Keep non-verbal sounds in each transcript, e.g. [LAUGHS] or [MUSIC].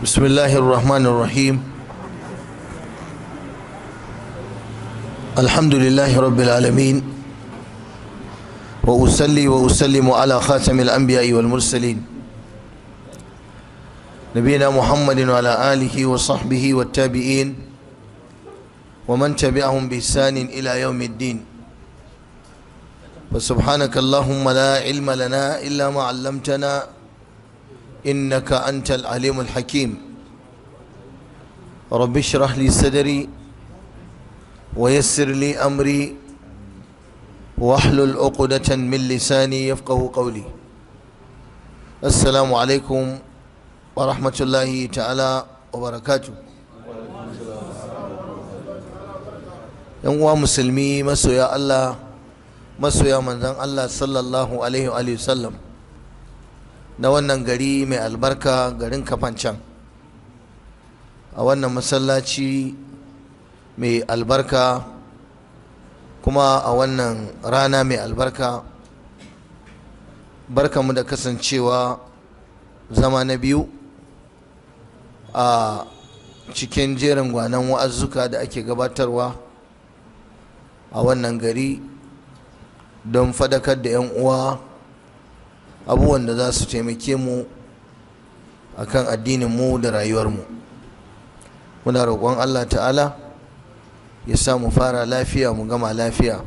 بسم الله الرحمن الرحيم الحمد لله رب العالمين وأسلي وأسلم على خاتم الأنبياء والمرسلين نبينا محمد وعلى آله وصحبه والتابعين ومن تبعهم بإحسان إلى يوم الدين فسبحانك اللهم لا علم لنا إلا ما علمتنا إنك أنت العليم الحكيم رب اشرح لي صدري ويسر لي أمري واحلل عقدة من لساني يفقه قولي السلام عليكم ورحمة الله تعالى وبركاته ينوى مسلمي مسويا الله مسويا من ذن الله صلى الله عليه وآله وسلم na wannan gari mai albarka garin kafancan a wannan masallaci mai albarka kuma a wannan rana mai albarka barka mu da kasancewa zama na biyu a cikin jerin gwanan wa'azzuka da ake gabatarwa a wannan gari don fadakar da 'yan uwa abubuwan da za su taimake mu akan addinin mu da rayuwarmu muna roƙon Allah ta'ala ya sa mu fara lafiya mu gama lafiya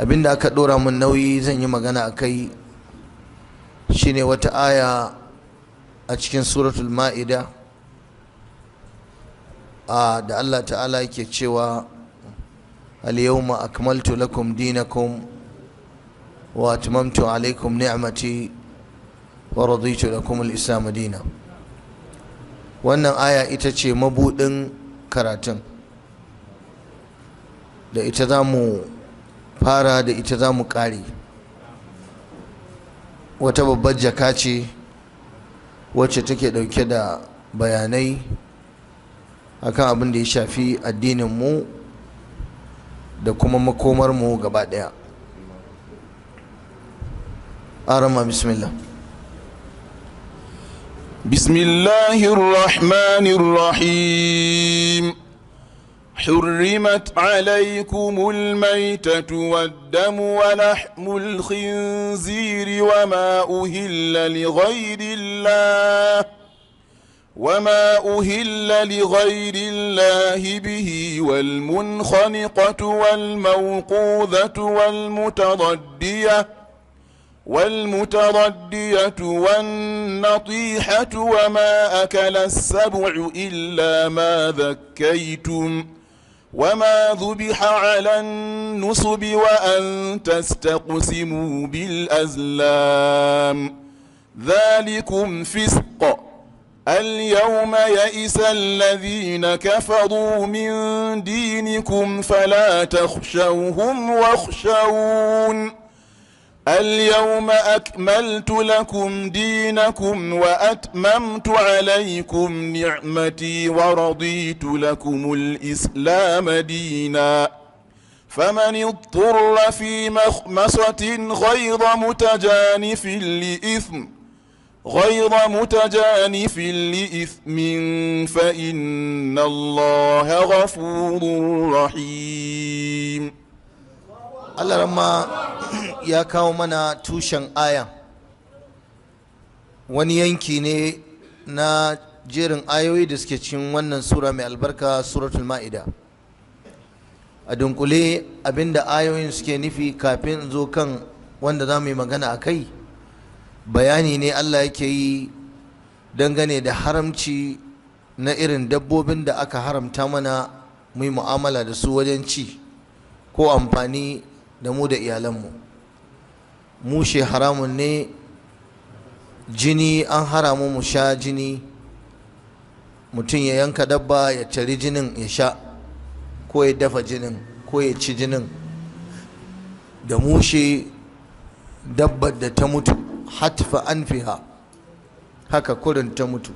abinda aka ɗora mun nauyi zan yi magana a kai shine wata aya a cikin suratul ma'ida a da Allah ta'ala yake cewa al yawma akmaltu lakum dinakum وأتممت wa نعمتي da kuma الإسلام دينا wannan aya ita ce mabuɗin karatun da ita za mu fara da ita za mu ƙare wata babbar jaka ce wacce take ɗauke da bayanai akan abin da ya shafi addininmu da kuma makomarmu gaba ɗaya آرما بسم الله بسم الله الرحمن الرحيم حرمت عليكم الميتة والدم ولحم الخنزير وما أهل لغير الله وما أهل لغير الله به والمنخنقة والموقوذة والمتضدية والمتردية والنطيحة وما أكل السبع إلا ما ذكيتم وما ذبح على النصب وأن تستقسموا بالأزلام ذلكم فسق اليوم يئس الذين كفروا من دينكم فلا تخشوهم واخشون اليوم أكملت لكم دينكم وأتممت عليكم نعمتي ورضيت لكم الإسلام دينا فمن اضطر في مخمصة غير متجانف لإثم غير متجانف لإثم فإن الله غفور رحيم Allah [CLEARS THROAT] ya kawo mana tushen aya wani yanki ne na jerin ayoyi da suke cikin wannan sura mai albarka suratul ma'ida a dunkule abinda ayoyin suke nufi kafin zo kan wanda za mu yi magana a kai bayani ne Allah yake yi dangane da haramci na irin dabbobin da aka haramta mana mu yi mu'amala da su wajen ci ko amfani da mu da iyalanmu mushe haramun ne jini an haramu mu sha jini mutum ya yanka dabba ya cari jinin ya sha ko ya dafa jinin ko ya ci jinin da mushe dabbar da ta mutu hatfa anfiha haka kurin ta mutu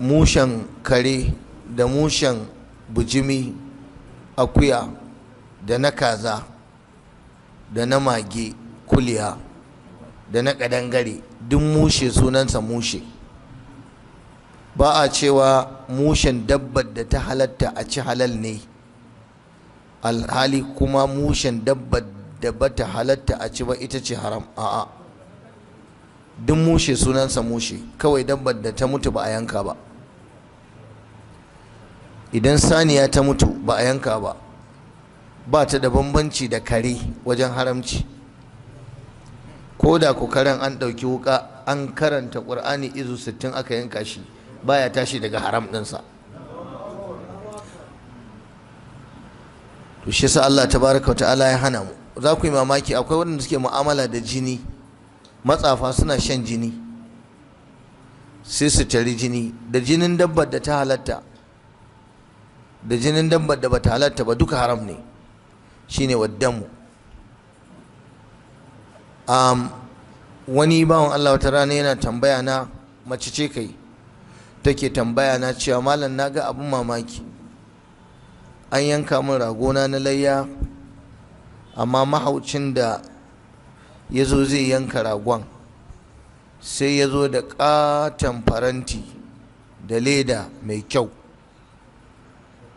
mushen kare da mushen bujimi akuya da na kaza da na mage kuliya da na kadangare duk mushe sunansa mushe ba a cewa mushen dabbar da ta halatta a ci halal ne alhali kuma mushen dabbar da ba ta halatta a ci ba ita ce haram a'a duk mushe sunansa mushe kawai dabbar da ta mutu ba a yanka ba idan saniya ta mutu ba a yanka ba ba ta da bambanci da kare wajen haramci ko da ku karen an ɗauki wuka an karanta ƙur'ani izu sittin aka yanka shi baya tashi daga haram ɗinsa to shi sa Allah wa ta'ala ya hana mu za ku yi mamaki akwai waɗanda suke mu'amala da jini matsafa suna shan jini sai su tari jini da jinin dabbar da ta halatta da jinin dabbar da bata halatta ba duka haram ne shine waddamu um, wani bawan Allah wata rana yana tambaya na mace ce kai take tambaya na cewa malam na ga abin mamaki an yanka min ragona na layya amma mahaucin da ya zo zai yanka ragon sai ya zo da ƙaton faranti da leda mai kyau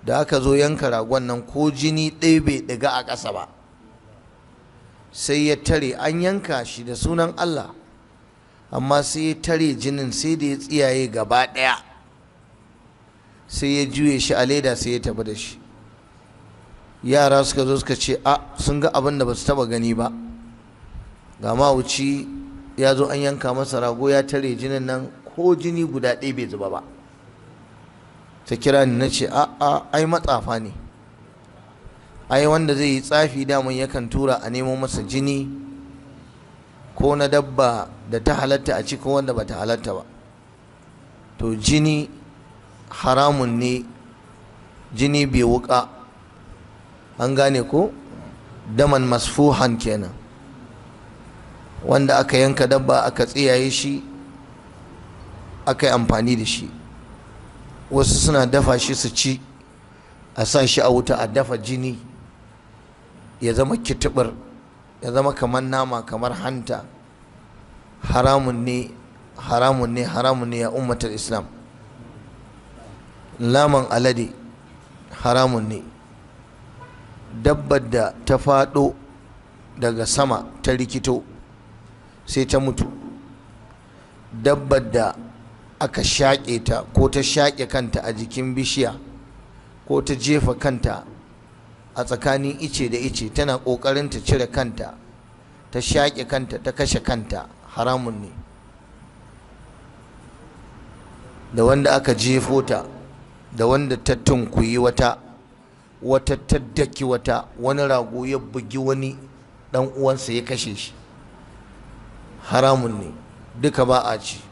da aka zo yanka ragon nan ko jini ɗaya bai ɗiga a ƙasa ba sai ya tare an yanka shi da sunan Allah amma sai ya tare jinin sai da ya tsiyaye gaba ɗaya sai ya juye shi a leda sai ya tafi da shi yara suka zo suka ce a ah, sun ga abin da ba su taba gani ba ga mawuci ya zo an yanka masa rago ya tare jinin nan ko jini guda ɗaya bai zuba ba ta kira ni na ce a'a ai matsafa ne ai wanda zai yi tsafi daman yakan tura a nemo masa jini ko na dabba da ta halatta a cikin wanda ba ta halatta ba to jini haramun ne jini bai wuka an gane ko daman masfuhan kenan wanda aka yanka dabba aka tsiyaye shi aka yi amfani da shi wasu suna dafa shi su ci a sa shi a wuta a dafa jini ya zama kitubar ya zama kamar nama kamar hanta haramun ne haramun ne haramun ne ya ummatar islam laman alade haramun ne dabbar da ta faɗo daga sama ta rikito sai ta mutu dabbar da aka shaƙe ta ko ta shaƙe kanta a jikin bishiya ko ta jefa kanta a tsakanin ice da ice tana ƙoƙarin ta cire kanta ta shaƙe kanta ta kashe kanta haramun ne da wanda aka jefo ta da wanda ta tunkuyi wata wata ta daki wata wani rago ya bugi wani ɗan uwansa ya kashe shi haramun ne duka ba a ci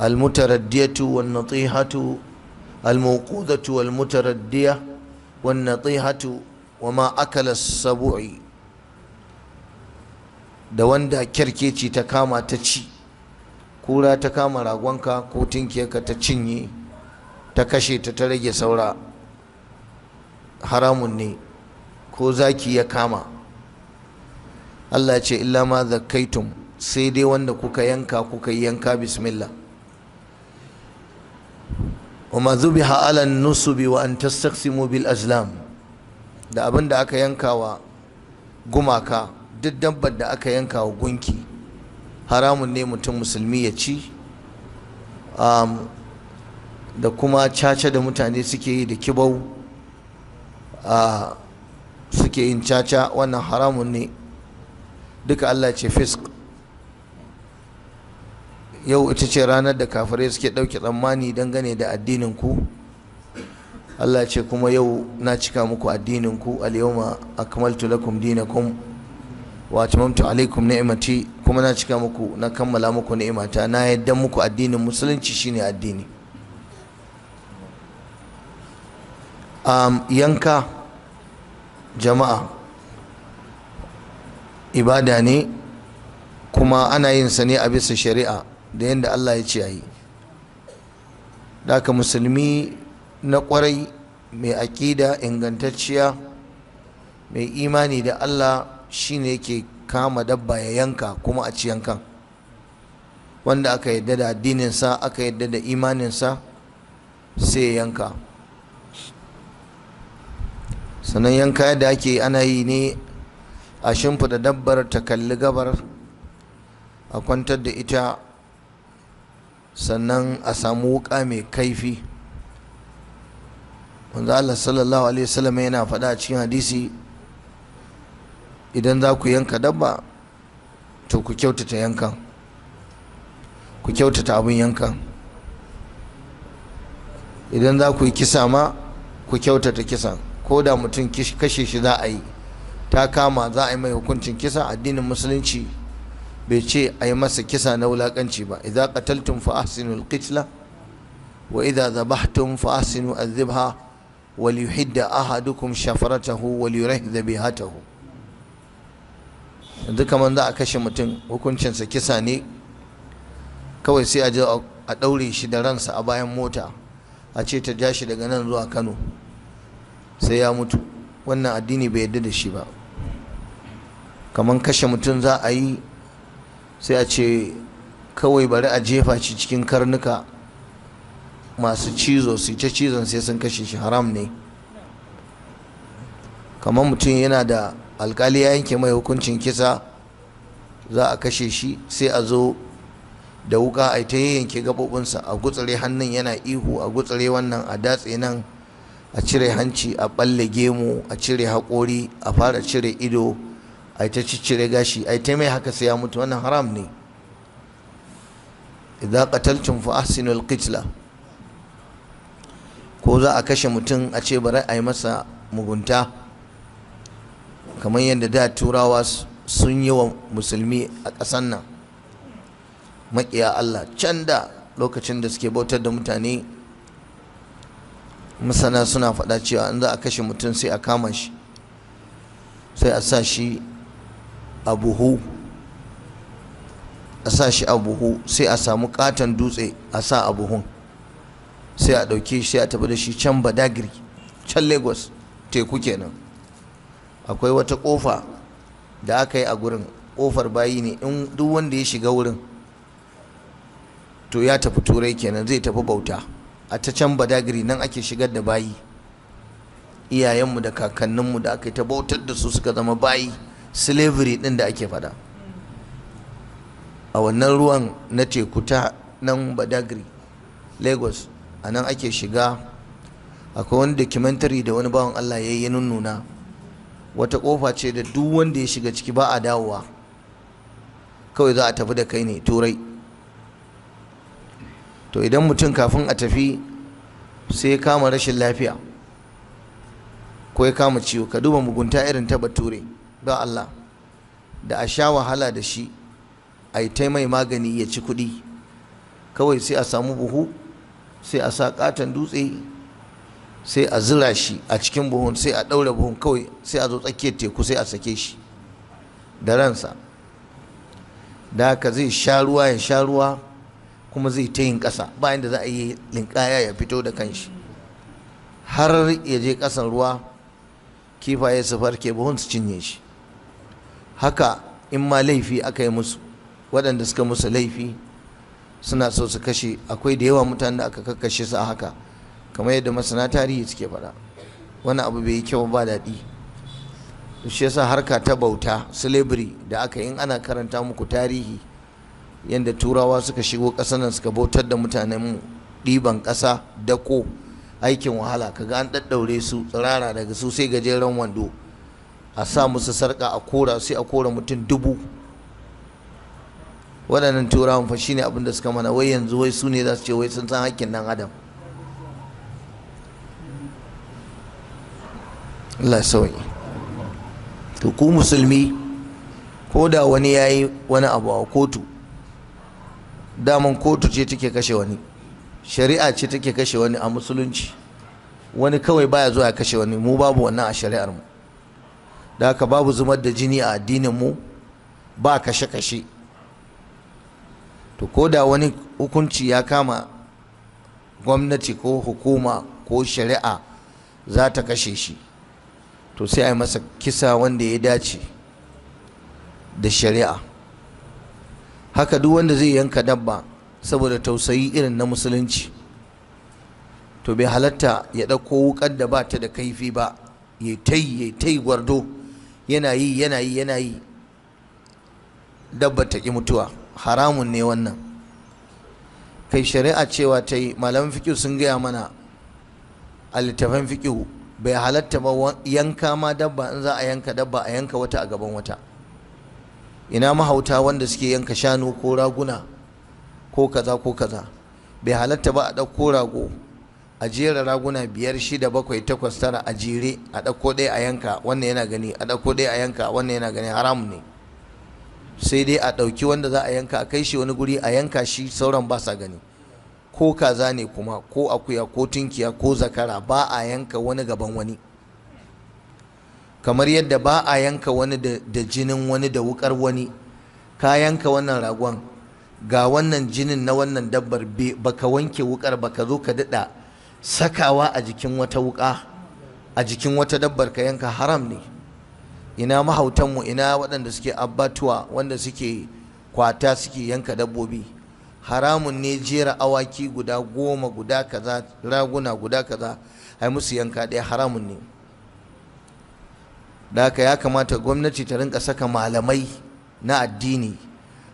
المتردية والنطيحة الموقوذة والمتردية والنطيحة وما أكل السبوع da wanda kyarkeci ta kama ta ci kura ta kama ragonka ko tinkiyarka ta cinye ta kashe ta ta rage saura haramun ne ko zaki ya kama Allah ce illa ma zakaitum sai dai wanda kuka yanka kuka yanka bismillah وما ذبح على النصب وأن تستقسموا بالأزلام da abin da aka wa gumaka duk dabbar da aka yanka wa gunki haramun ne mutum musulmi ya ci um, da kuma caca da mutane suke yi da kibau suke yin caca wannan haramun ne duka Allah ce fisk yau ita ce ranar da kafirai suke ɗauke tsammani dangane da addinin ku Allah ce kuma yau na cika muku addinin ku al akmaltu lakum dinakum wa atmamtu alaikum ni'mati kuma na cika muku na kammala muku na'imata na yadda muku addinin musulunci shine addini um, yanka jama'a ibada ne kuma ana yin sa a bisa shari'a da yadda Allah ya ce a yi daga musulmi na kwarai mai aƙida ingantacciya mai imani da Allah shine yake kama dabba ya yanka kuma a ci yankan wanda aka yadda da addininsa aka yadda da imaninsa sai ya yanka sannan yanka yadda ake ana yi ne a shimfiɗa dabbar ta kalli gabar a kwantar da ita sannan a samu wuka mai kaifi wanda Allah sallallahu alaihi wasallam yana faɗa a cikin hadisi idan za ku yanka dabba to ku kyautata yankan ku kyautata abin yankan idan za ku yi kisa ma ku kyautata kisan ko da mutum kashe shi za a yi ta kama za a yi mai hukuncin kisa addinin musulunci bai ce a yi masa kisa na wulaƙanci ba idza qataltum fa ahsinul qitla wa idza dhabhtum fa ahsinu adh-dhabha wa liyuhidda ahadukum shafaratahu wa liyurahidha bihatahu yanzu kaman za a kashe mutum hukuncinsa kisa ne kawai sai a je a ɗaure shi da ransa a bayan mota a ce ta ja shi daga nan zuwa kano sai ya mutu wannan addini bai yarda da shi ba kaman kashe mutum za a yi sai a ce kawai bari a jefa shi cikin karnuka masu cizo su ce cizon sai sun kashe shi haram ne kamar mutum yana da alkali ya yanke mai hukuncin kisa za a kashe shi sai a zo da wuka a ta yanke gaɓoɓinsa a gutsare hannun yana ihu a gutsare wannan a datse nan a cire hanci a ɓalle gemu a cire haƙori a fara cire ido ai ta ciccire gashi ai ta mai haka sai ya mutu wannan haram ne idza qataltum fa ahsinul qitla ko za a kashe mutum a ce bari a yi masa mugunta kamar yadda da turawa sun yi wa musulmi a ƙasan nan maƙiya Allah can da lokacin da suke bautar da mutane masana suna faɗa cewa in za a kashe mutum sai a kama shi sai a sa shi a buhu a sa shi a buhu sai a samu katon dutse a sa a buhun sai a ɗauke shi a tafi da shi can badagiri can lagos teku kenan akwai wata ƙofa da aka yi a gurin ƙofar bayi ne in duk wanda ya shiga wurin to ya tafi turai kenan zai tafi bauta a ta can badagiri nan ake shigar da bayi iyayenmu da kakanninmu da aka yi ta bautar da su suka zama bayi slavery ɗin da ake fada a wannan ruwan na teku ta nan badagri lagos a nan ake shiga akwai wani documentary da wani bawan allah ya yi nunnuna wata kofa ce da duk wanda ya shiga ciki ba a dawowa kawai za a tafi da kai ne turai to idan mutum kafin a tafi sai ya kama rashin lafiya ko ya kama ciwo ka duba mugunta irin ta bature don Allah da a sha wahala da shi a yi taimai magani ya ci kuɗi kawai sai a samu buhu sai a sa katon dutse sai a zira shi a cikin buhun sai a ɗaure buhun kawai sai a zo tsakiyar teku sai a sake shi da ransa da haka zai sha ruwa ya sha ruwa kuma zai ta yin ƙasa bayan da za a yi linƙaya ya fito da kanshi har ya je ƙasan ruwa kifaye su farke buhun su cinye shi haka in ma laifi aka yi musu waɗanda suka musu laifi suna so su kashe akwai da yawa mutane da aka kakkashe su a haka kamar yadda masana tarihi suke faɗa wani abu bai yi kyau ba daɗi shi yasa harka ta bauta slavery da aka in ana karanta muku tarihi yadda turawa suka shigo ƙasar nan suka bautar da mutanen mu ɗiban ƙasa dako aikin wahala kaga an ɗaɗɗaure su tsirara daga su sai gajeren wando a sa musu sarka a kora sai a kora mutum dubu waɗannan turawan fa shine abin da suka mana wai yanzu wai su ne za su ce wai sun san hakkin nan adam Allah sauyi to ku musulmi ko da wani ya yi wani abu a kotu daman kotu ce take kashe wani shari'a ce take kashe wani a musulunci wani kawai baya zuwa ya kashe wani mu babu wannan a shari'ar mu da haka babu zumar da jini a addininmu ba kashe-kashe to ko da wani hukunci ya kama gwamnati ko hukuma ko shari'a za ta kashe shi to sai a yi masa kisa wanda ya dace da shari'a haka duk wanda zai yanka dabba saboda tausayi irin na musulunci to bai halatta ya ɗauko wukar da ba ta da kaifi ba ya tai ya tai gwardo yana yi yana yi yana yi dabbar ta ki mutuwa haramun ne wannan kai shari'a cewa ta yi malaman fiƙi sun gaya mana a littafin fiƙi bai halatta ba yanka ma dabba in za a yanka dabba a yanka wata a gaban wata ina mahauta wanda suke yanka shanu ko raguna ko kaza ko kaza bai halatta ba a ɗauko rago a jera raguna biyar shida bakwai takwas tara a jere a ɗauko ɗaya a yanka wannan yana gani a ɗauko ɗaya a yanka wannan yana gani haram ne sai dai a ɗauki wanda za a yanka a kai shi wani guri a yanka shi sauran ba sa gani ko kaza ne kuma ko akuya ko tunkiya ko zakara ba a yanka wani gaban wani kamar yadda ba a yanka wani da jinin wani da wukar wani ka yanka wannan ragon ga wannan jinin na wannan dabbar baka wanke wukar baka zo ka daɗa sakawa a jikin wata wuka a jikin wata dabbar ka yanka haram ne ina mahautanmu ina waɗanda suke abbatuwa wanda suke kwata suke yanka dabbobi haramun ne jera awaki guda goma guda kaza raguna guda kaza ai musu yanka ɗaya haramun ne da haka ya kamata gwamnati ta rinka saka malamai na addini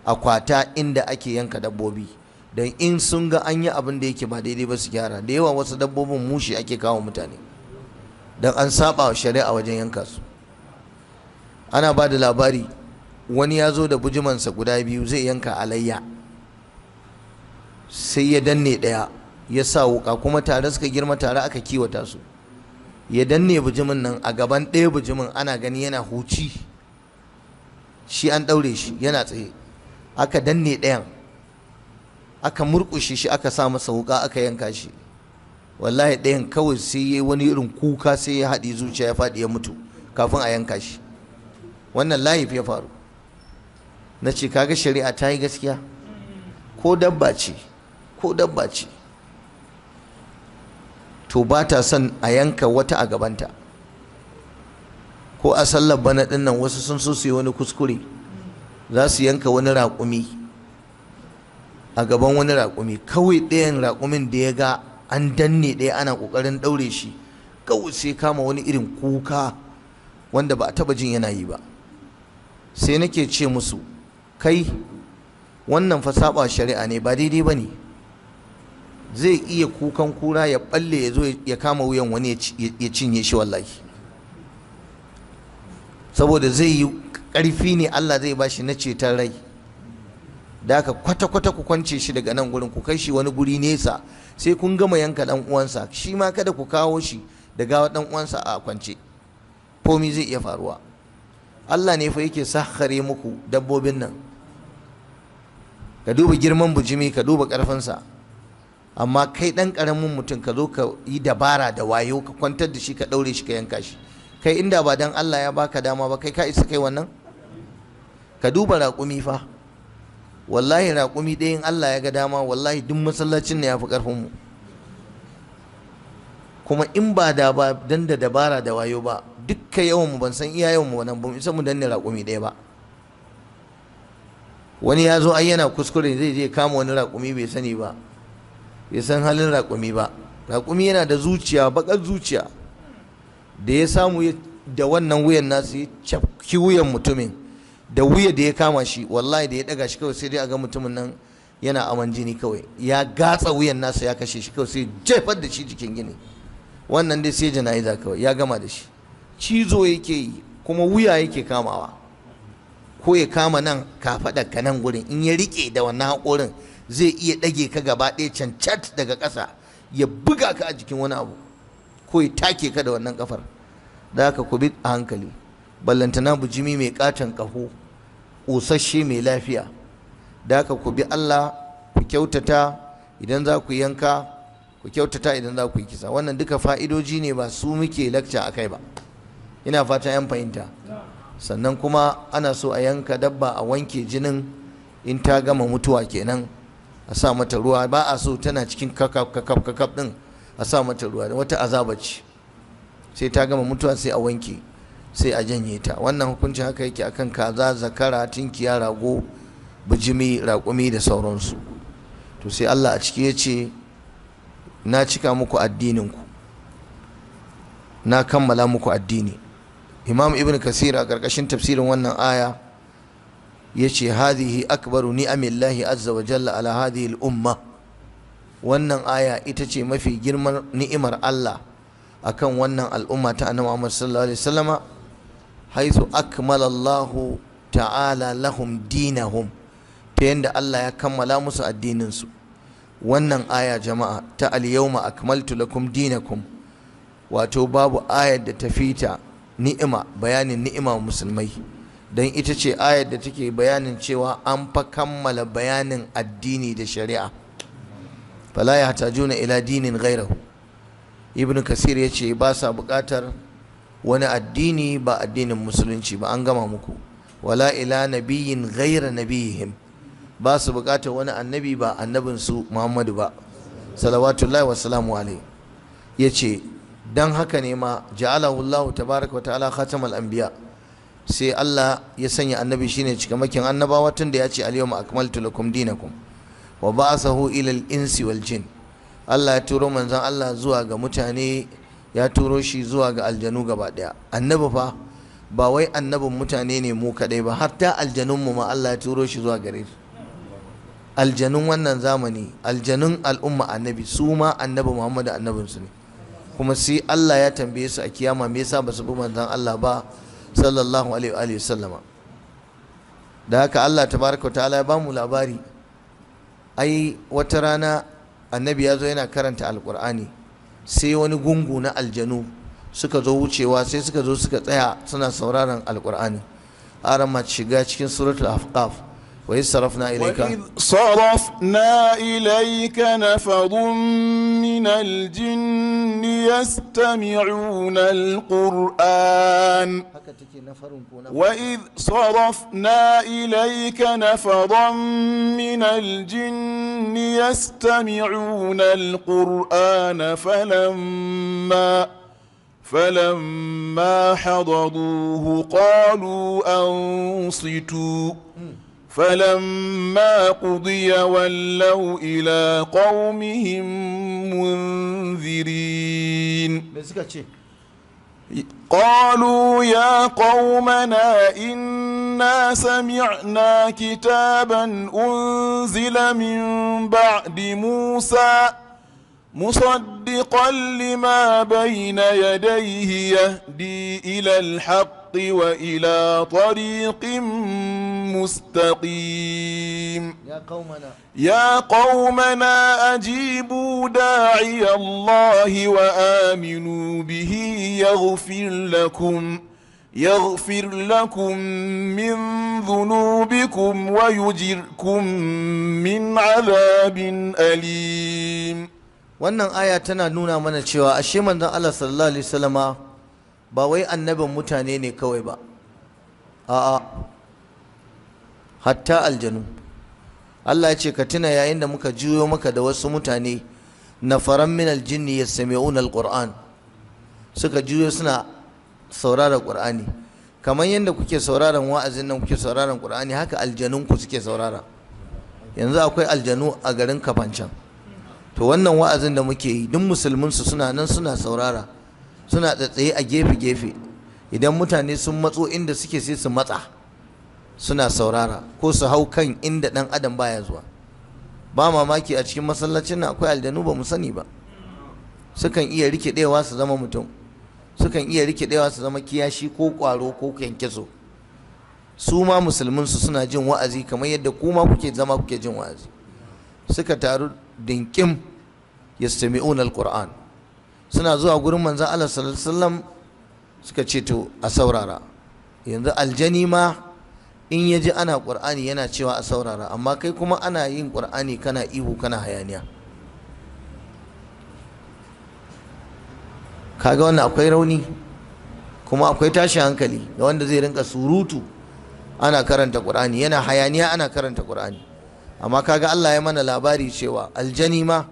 a kwata inda ake yanka dabbobi dan in sun ga an yi abin da yake ba daidai ba su gyara da yawa wasu dabbobin mushi ake kawo mutane don an saba wa shari'a wajen yanka su ana ba da labari wani ya zo da bujimansa guda biyu zai yanka alayya sai ya danne ɗaya ya sa wuka kuma tare suka girma tare aka kiwata su ya danne bujimin nan a gaban ɗaya bujimin ana gani yana huci shi an ɗaure shi yana tsaye aka danne ɗayan aka murƙushe shi aka sa masa wuka aka yanka shi wallahi ɗayan kawai sai ya wani irin kuka sai ya haɗi zuciya ya faɗi ya mutu kafin a yanka shi wannan layif ya faru na ce kaga shari'a ta yi gaskiya ko dabba ce ko dabba ce to ba ta son a yanka wata a gabanta ko a sallar bana ɗinnan nan wasu sun so su yi wani kuskure za su yanka wani raƙumi a gaban wani raƙumi kawai ɗayan raƙumin da ya ga an danne ɗaya ana ƙoƙarin ɗaure shi kawai sai kama wani irin kuka wanda ba a taɓa jin yana yi ba sai nake ce musu kai wannan fa saba shari'a ne ba daidai ba ne zai iya kukan kura ya ɓalle ya zo ya kama wuyan wani ya cinye shi wallahi saboda zai yi ƙarfi ne Allah zai ba shi na ceton rai da ka kwata-kwata ku kwance shi daga nan gurin ku kai shi wani guri nesa sai kun gama yanka dan uwansa shi ma kada ku kawo shi da gawa dan uwansa a kwance komi zai iya faruwa Allah ne fa yake sahare muku dabbobin nan ka duba girman bujimi ka duba karfinsa amma kai dan karamin mutum ka zo ka yi dabara da wayo ka kwantar da shi ka daure shi ka yanka shi kai inda ba dan Allah ya baka dama ba kai ka isa kai wannan ka duba raƙumi fa wallahi raƙumi ɗaya in Allah ya ga dama wallahi duk masallacin ne ya fi ƙarfinmu. kuma in ba da ba dan da dabara da wayo ba dukka yawan mu ban san iya yawan mu wannan ban isa mu danne raƙumi ɗaya ba wani ya zo ai yana kuskure zai je kama wani raƙumi bai sani ba bai san halin raƙumi ba raƙumi yana da zuciya baƙar zuciya da ya samu da wannan wuyan nasu ya cafki wuyan mutumin da wuya da ya kama shi wallahi da ya daga shi kawai sai dai a ga mutumin nan yana aman jini kawai ya gatsa wuyan nasa ya kashe shi kawai sai jefar da shi jikin gini wannan dai sai jana'iza kawai ya gama da shi cizo yake yi kuma wuya yake kamawa ko ya kama nan kafaɗa ka nan gurin in ya rike da wannan haƙorin zai iya ɗage ka gaba ɗaya cancat daga ƙasa ya buga ka a jikin wani abu ko ya take ka da wannan ƙafar da haka ku bi a hankali ballantana bujimi mai katon kaho ƙosashe mai lafiya da aka ku bi Allah ku kyautata idan za ku yanka ku kyautata idan za ku yi kisa wannan duka fa'idoji ne ba su muke lakca akai ba ina fata yan fahimta sannan kuma ana so a yanka dabba a wanke jinin in ta gama mutuwa kenan a sa mata ruwa ba a so tana cikin kakaf kakaf kakaf din a sa mata ruwa wata azaba ce sai ta gama mutuwa sai a wanke sai a janye ta wannan hukunci haka yake akan kaza zakara tinkiya rago bijimi raƙumi da sauransu to sai Allah a ciki ya ce na cika muku addininku na kammala muku addini imam ibn kasir a ƙarƙashin tafsirin wannan aya ya ce hadihi akbaru ni'amillahi azza wa jalla ala hadihi al'umma wannan aya ita ce mafi girman ni'imar Allah akan wannan al'umma ta annabi Muhammad sallallahu alaihi wasallama haisu akmalallahu ta'ala lahum dinahum ta yadda Allah ya kammala musu addininsu wannan aya jama'a ta alyawma akmaltu lakum dinakum wato babu ayar da ta fita ni'ima bayanin ni'ima musulmai don ita ce ayar da take bayanin cewa an fa kammala bayanin addini da shari'a fala ya juna ila dinin ghairahu ibn kasir ya ce ba sa buƙatar wani addini ba addinin musulunci ba an gama muku wala ila nabiyin ghaira nabiyihim ba su bukatar wani annabi ba annabin su Muhammadu ba salawatullahi wa salamu Ya ce don haka ne ma ja'alahu Allah tabaaraka wa ta'ala khatamal anbiya sai Allah ya sanya annabi shine cikamakin annabawa tunda ya ce al-yawma akmaltu lakum dinakum wa ba'athahu ila al-insi wal jin Allah ya turo manzon Allah zuwa ga mutane ya turo shi zuwa ga aljanu gaba daya annabi fa ba wai annabin mutane ne mu kadai ba hatta aljanun mu ma Allah ya turo shi zuwa gare su aljanun wannan zamani aljanun al'umma annabi su ma annabi Muhammadu annabin su ne kuma sai Allah ya tambaye su a kiyama me yasa ba su bi manzon Allah ba sallallahu alaihi wa sallama da haka Allah tabaraka ta'ala ya bamu labari ai wata rana annabi ya zo yana karanta alqur'ani sai wani gungu na aljanu suka zo wucewa sai suka zo suka tsaya suna sauraron alƙur'ani aran shiga cikin suratul afqaf وإذ صرفنا إليك وإذ صرفنا إليك نفض من الجن يستمعون القرآن وإذ صرفنا إليك نفضا من الجن يستمعون القرآن فلما فلما حضروه قالوا أنصتوا فلما قضي ولوا إلى قومهم منذرين قالوا يا قومنا إنا سمعنا كتابا أنزل من بعد موسى مصدقا لما بين يديه يهدي إلى الحق وإلى طريق مستقيم يا قومنا يا قومنا أجيبوا داعي الله وآمنوا به يغفر لكم يغفر لكم من ذنوبكم ويجركم من عذاب أليم wannan aya tana nuna mana cewa ashe manzon Allah sallallahu alaihi wasallama ba wai annabin mutane ne kawai ba a'a hatta aljanu Allah ya ce ka tuna yayin da muka juyo maka da wasu mutane na faran min same unal alquran suka juyo suna sauraron qur'ani kamar yadda kuke sauraron wa'azin nan kuke sauraron qur'ani haka aljanunku suke saurara yanzu akwai aljanu a garin kafancan to wannan wa'azin da muke yi duk musulmin su suna nan suna saurara suna tsatsaye a gefe gefe idan mutane sun matso inda suke sai su matsa suna saurara ko su hau kan inda ɗan adam baya zuwa ba mamaki a cikin masallacin nan akwai aljanu ba mu sani ba sukan iya rike rikidewa su zama mutum sukan iya rike rikidewa su zama kiyashi ko ƙwaro ko kyankyaso su ma musulmin su suna jin wa'azi kamar yadda ku ma kuke zama kuke jin wa'azi suka taru dinkim yastami'un alquran suna zuwa gurin manzon Allah sallallahu alaihi wasallam suka ce to a saurara yanzu aljani ma in ya ji ana ƙur'ani yana cewa a saurara amma kai kuma ana yin ƙur'ani kana ihu kana hayaniya kaga wannan akwai rauni kuma akwai tashin hankali da wanda zai rinka surutu ana karanta ƙur'ani yana hayaniya ana karanta ƙur'ani amma kaga Allah ya mana labari cewa aljani ma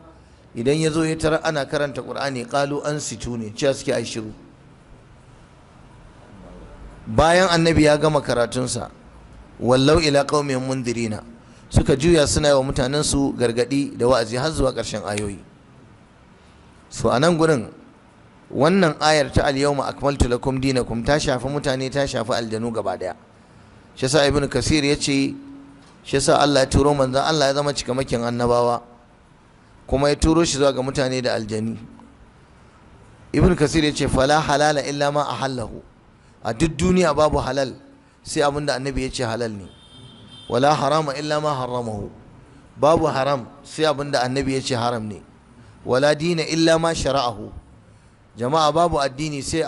idan ya zo ya tara ana karanta ƙur'ani ƙalu an situ ne cewa suke ai shiru bayan annabi ya gama karatunsa wallau ila qaumin mundirina suka juya suna wa mutanen su gargadi da wa'azi har zuwa ƙarshen ayoyi so a nan gurin wannan ayar ta al-yawma akmaltu lakum dinakum ta shafi mutane ta shafi aljanu gaba daya shi yasa ibn kasir yace shi yasa Allah ya turo manzon Allah ya zama cikamakin annabawa kuma ya turo shi zuwa ga mutane da aljani ibn kasir yace fala halala illa ma a ahallahu a duk duniya babu halal sai abin da annabi ya ce halal ne wala harama illa ma haramahu babu haram sai abin da annabi ya ce haram ne wala dina illa ma shara'ahu jama'a babu addini sai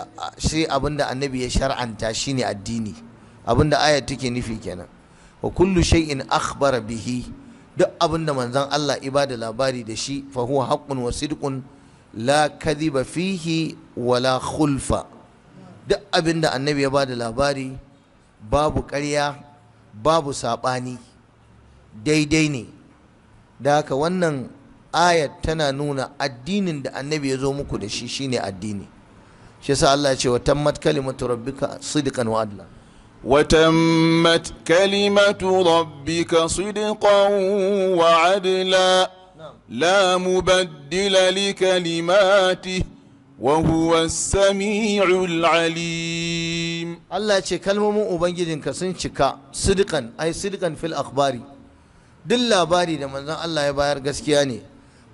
abin da annabi ya shar'anta shine addini abin da ayat take nufi kenan wa kullu shay'in akhbara bihi duk abin da manzon Allah ibada labari da shi fa huwa haqqun wa sidqun la kadhiba fihi wala khulfa duk abin da annabi ya bada labari babu ƙarya babu saɓani daidai ne da haka wannan ayat tana nuna addinin da annabi ya zo muku da shi shine addini shi sa Allah ya ce wa tammat kalimatu rabbika sidqan wa adla wa tammat kalimatu rabbika sidqan wa adla la mubaddila li kalimatihi وهو السميع العليم الله يجي كلمه sun cika sidqan ai sidqan fil labari da manzon Allah ya bayar gaskiya ne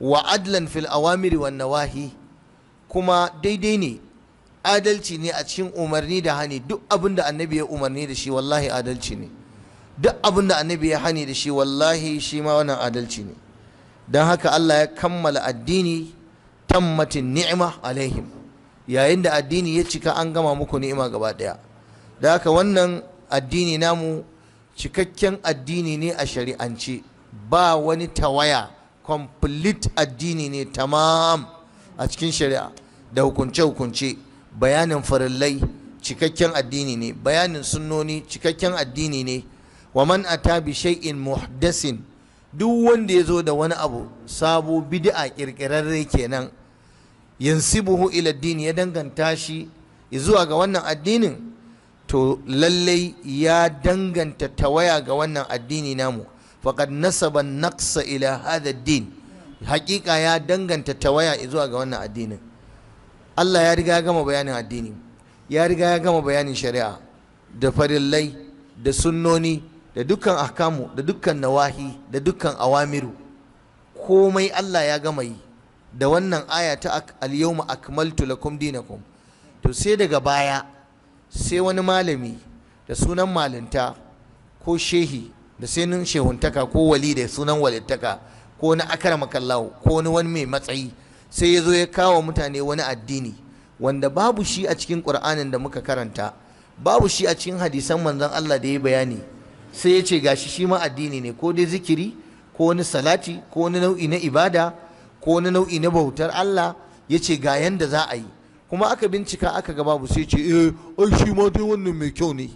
wa adlan nawahi kuma daidai adalci ne a cikin umarni da hani duk abin da annabi ya umarni da shi wallahi adalci ne duk abin da annabi ya hani da shi wallahi shi adalci ne don haka Allah ya kammala addini tammatin ni'ima alaihim yayin da addini ya cika an gama muku ni'ima gaba daya da haka wannan addini namu cikakken addini ne a shari'ance ba wani tawaya complete addini ne tamam a cikin shari'a da hukunce-hukunce bayanin farillai cikakken addini ne bayanin sunnoni cikakken addini ne wa man ata bi shay'in muhdasin duk wanda ya zo da wani abu sabo bid'a kirkirarre kenan yansibuhu ila dini ya danganta shi zuwa ga wannan addinin to lallai ya danganta tawaya ga wannan addini namu faqad nasaba naqsa ila hadha din hakika ya danganta tawaya zuwa ga wannan addinin Allah ya riga ya gama bayanin addini ya riga ya gama bayanin shari'a da farillai da sunnoni da dukkan ahkamu da dukkan nawahi da dukkan awamiru komai Allah ya gama yi da wannan aya ta alyawma akmaltu lakum dinakum to sai daga baya sai wani malami da sunan malinta ko shehi da nun shehuntaka ko wali da sunan walittaka ko na akarama kallawo ko wani wani mai matsayi sai ya zo ya kawo mutane wani addini wanda babu shi a cikin ƙur'anin da muka karanta babu shi a cikin hadisan manzon Allah da ya bayani sai ya ce gashi shi ma addini ne ko dai zikiri ko wani salati ko wani nau'i na ibada ko wani nau'i na bautar Allah ya ce ga yanda za a yi kuma aka bincika aka ga babu sai ce eh ai shi ma dai wannan mai kyau ne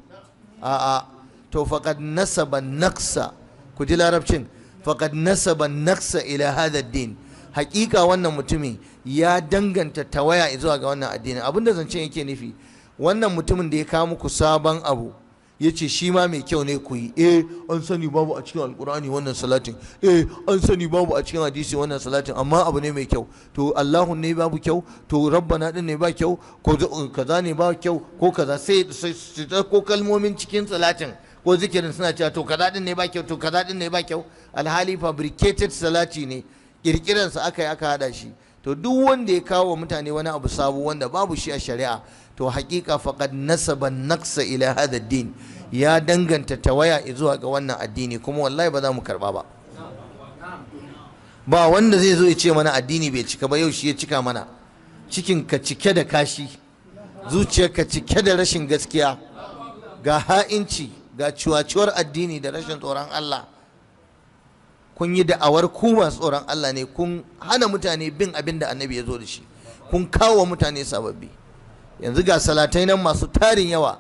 a'a to faqad nasaba naqsa ku ji larabcin faqad nasaba naqsa ila hada din hakika wannan mutumi ya danganta tawaya zuwa ga wannan addini abinda zance yake nufi wannan mutumin da ya kawo muku sabon abu ya ce shi ma mai kyau ne ku yi eh an sani babu a cikin alkur'ani wannan salatin eh an sani babu a cikin hadisi wannan salatin amma abu ne mai kyau to allahun ne babu kyau to rabbana din ne ba kyau ko eh, kaza ne ba kyau ko kaza sai ko kalmomin cikin salatin ko zikirin suna cewa to kaza din ne ba kyau to kaza din ne ba kyau alhali fabricated salati ne kirkiransa aka yi aka hada shi to duk wanda ya kawo mutane wani abu sabo wanda babu shi a shari'a to haƙiƙa faqad nasaba naqsa ila hada din ya danganta tawaya zuwa ga wannan addini kuma wallahi ba za mu karba ba ba wanda zai zo ya ce mana addini bai cika ba yau shi ya cika mana cikin ka cike da kashi ka cike da rashin gaskiya ga ha'inci ga ciwaciwar addini da rashin tsoron Allah kun yi da'awar ku masu tsoron Allah ne kun hana mutane bin abinda da annabi ya zo da shi kun kawo mutane sababbi yanzu ga salatai nan masu tarin yawa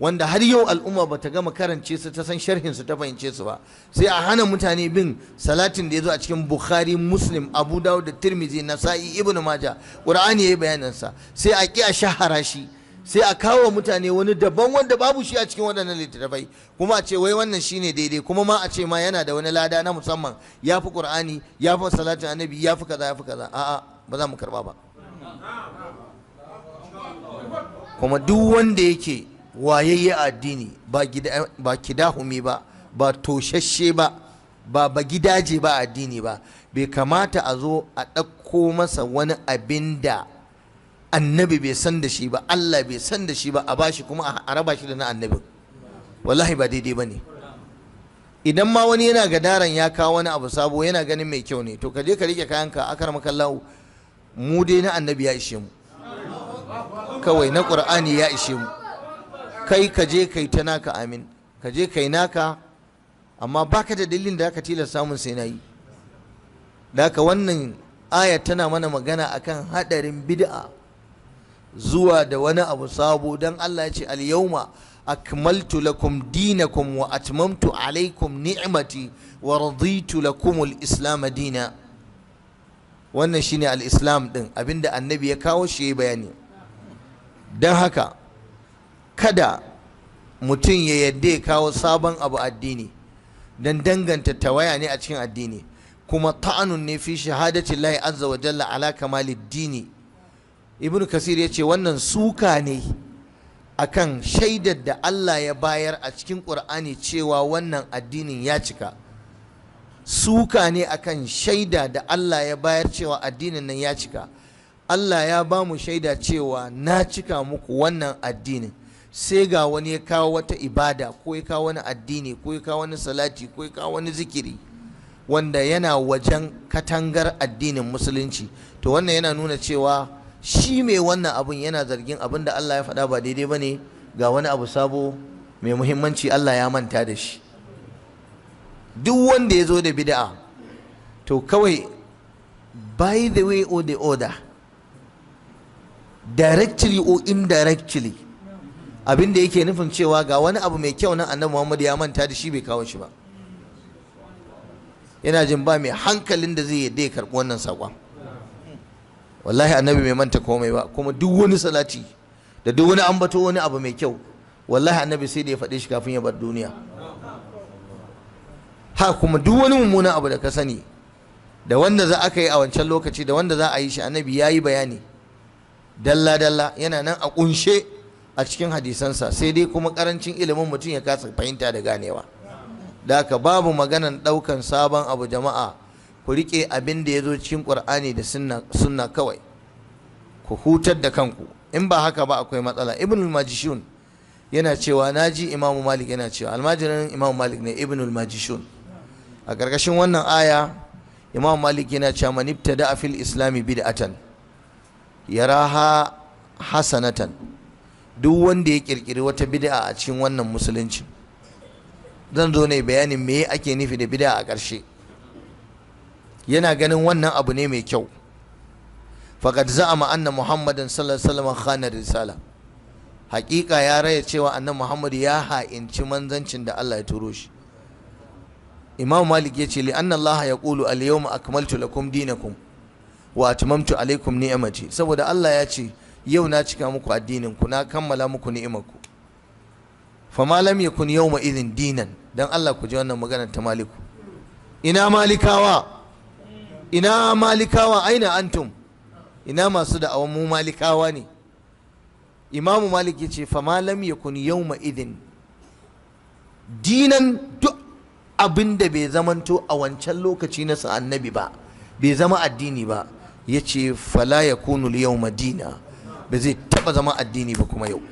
wanda har yau al'umma bata gama karance su ta san sharhin su ta fahimce su ba sai a hana mutane bin salatin da ya zo a cikin bukhari muslim abu dawud da tirmizi nasa'i Ibn maja qur'ani yayi bayanin sa sai a ki a shahara shi sai a kawo mutane wani daban wanda babu shi a cikin waɗannan littattafai kuma a ce wai wannan shine daidai kuma ma a ce ma yana da wani lada na musamman ya fi ƙur'ani salatin annabi ya kaza ya fi kaza a'a ba za mu karɓa ba kuma duk wanda yake wayayye a addini ba kidahumi ba ba toshashe ba ba ba gidaje ba addini ba bai kamata a zo a ɗauko masa wani abin da annabi bai san da shi ba Allah bai san da shi ba a bashi kuma a raba shi da na annabi wallahi ba daidai ba ne idan ma wani yana gadaran ya kawo wani abu sabo yana ganin mai kyau ne to ka je ka rike kayanka akar makallahu mu dai na annabi ya ishe mu kawai na ƙur'ani ya ishe mu kai ka je kai ta naka amin ka je kai naka amma baka da dalilin da aka tilasta mun sai na yi da haka wannan aya tana mana magana akan hadarin bid'a zuwa da wani abu sabo don Allah ya ce al akmaltu lakum dinakum wa atmamtu alaikum ni'mati wa raditu lakum al-islam dina wannan shine al-islam din abinda annabi ya kawo shi bayani don haka kada mutum ya yadda ya kawo sabon abu addini don danganta tawaya ne a cikin addini kuma ta'anun ne fi shahadati lahi azza wa jalla ala kamali dini ibnu kasir ya ce wannan suka ne akan shaidar da Allah ya bayar a cikin ƙur'ani cewa wannan addinin ya cika suka ne akan shaida da Allah ya bayar cewa addinin nan ya cika Allah ya ba mu shaida cewa na cika muku wannan addinin sai ga wani ya kawo wata ibada ko ya kawo wani addini ko ya kawo wani salati ko ya kawo wani zikiri wanda yana wajen katangar addinin musulunci to wannan yana nuna cewa shi mai wannan abun yana zargin abin da Allah ya faɗa ba daidai ba ne ga wani abu sabo mai muhimmanci Allah ya manta da shi duk wanda ya zo da bida'a to kawai by the way or the order directly or indirectly abin da yake nufin cewa ga wani abu mai kyau nan annabi Muhammad ya manta da shi bai kawo shi ba yana jin ba mai hankalin da zai yadda ya karɓi wannan saƙon wallahi annabi mai manta komai ba kuma duk wani salati da duk wani ambato wani abu mai kyau wallahi annabi sai da ya faɗe shi kafin ya bar duniya ha kuma duk wani mummunan abu da ka sani da wanda za aka yi a wancan lokaci da wanda za a yi shi annabi ya yi bayani dalla dalla yana nan a kunshe a cikin hadisansa sai dai kuma karancin ilimin mutum ya kasa fahimta da ganewa da haka babu maganan daukan sabon abu jama'a ku rike abin da ya zo cikin qur'ani da sunna kawai ku hutar da kanku in ba haka ba akwai matsala ibnul majishun yana cewa naji imamu malik yana cewa almajirin imamu malik ne ibnul majishun a karkashin wannan aya imamu malik yana cewa man da afil islami bid'atan yaraha hasanatan duk wanda ya kirkiri wata bid'a a cikin wannan musulunci zan zo ne bayanin me ake nufi da bid'a a ƙarshe yana ganin wannan abu ne mai kyau faqad za'ama anna muhammadan sallallahu alaihi wasallam khana risala haƙiƙa ya raya cewa annabi muhammad ya ha'inci manzancin da Allah ya turo shi imam malik ya ce li anna allah yaqulu al yawma akmaltu lakum dinakum wa atmamtu alaikum ni'amati saboda Allah ya ce yau na cika muku addinin ku na kammala muku ni'imarku fa ma lam yakun yawma idhin dinan dan Allah ku ji wannan maganar ta maliku ina malikawa ina malikawa aina antum ina masu da mu malikawa ne imamu malik ya ce fama lam yakun yawma idhin dinan duk abinda bai zamanto a wancan lokaci na annabi ba bai zama addini ba ya فلا يكون اليوم دينا بزيد madina ba zai taba يوم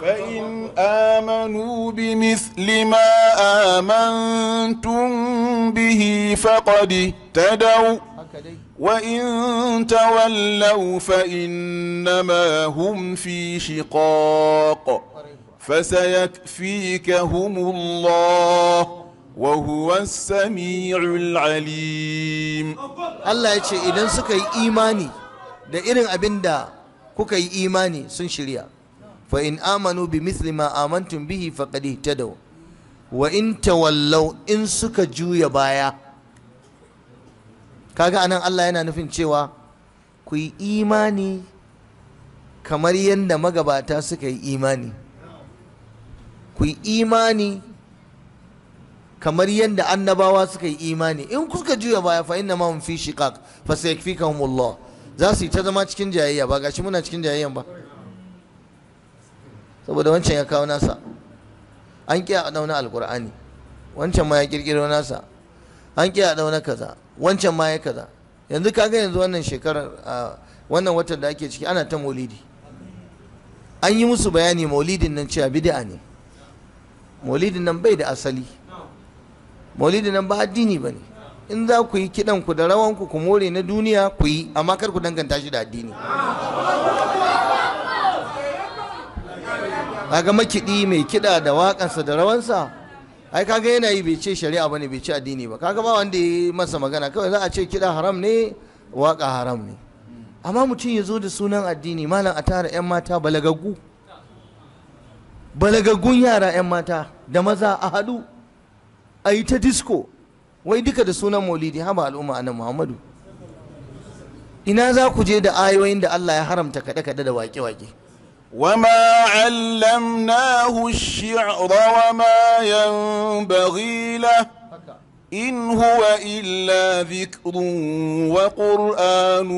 فإن آمنوا بمثل ما آمنتم به فقد اهتدوا وإن تولوا فإنما هم في شقاق فسيكفيكهم الله وهو السميع العليم الله ya ce idan suka yi imani da irin abin da kuka yi imani sun shirya fa in amanu bi misli ma amantum bihi faqad ihtadaw wa in tawallaw in suka juya baya kaga anan Allah yana nufin cewa ku yi imani kamar yadda magabata suka yi imani ku yi imani kamar yadda annabawa suka yi imani in kuka juya baya fa inna ma fi shiqaq fa sayakfikahumullah za su yi ta zama cikin jayayya ba gashi muna cikin jayayyan ba saboda wancan ya kawo nasa an kiya a dauna alqur'ani wancan ma ya kirkiro nasa an kiya a dauna kaza wancan ma ya kaza yanzu kaga yanzu wannan shekarar wannan watan da ake ciki ana ta maulidi an yi musu bayani maulidin nan cewa bid'a ne maulidin nan bai da asali maulidi nan ba addini ba ne in za ku yi kiɗan ku da rawanku ku more na duniya ku yi amma kar ku danganta shi da addini kaga makiɗi mai kiɗa da waƙansa da rawansa ai kaga yana yi bai ce shari'a bane bai ce addini ba kaga ba wanda ya masa magana kawai za a ce kiɗa haram ne waƙa haram ne amma mutum ya zo da sunan addini malam a tara 'yan mata balagaggu balagaggun yara 'yan mata da maza a haɗu a ta disco wai duka da sunan maulidi haba al'umma annabi muhammadu ina za ku je da ayoyin da Allah ya haramta kada kada da waki waki وما علمناه الشعر وما ينبغي له إن هو إلا ذكر وقرآن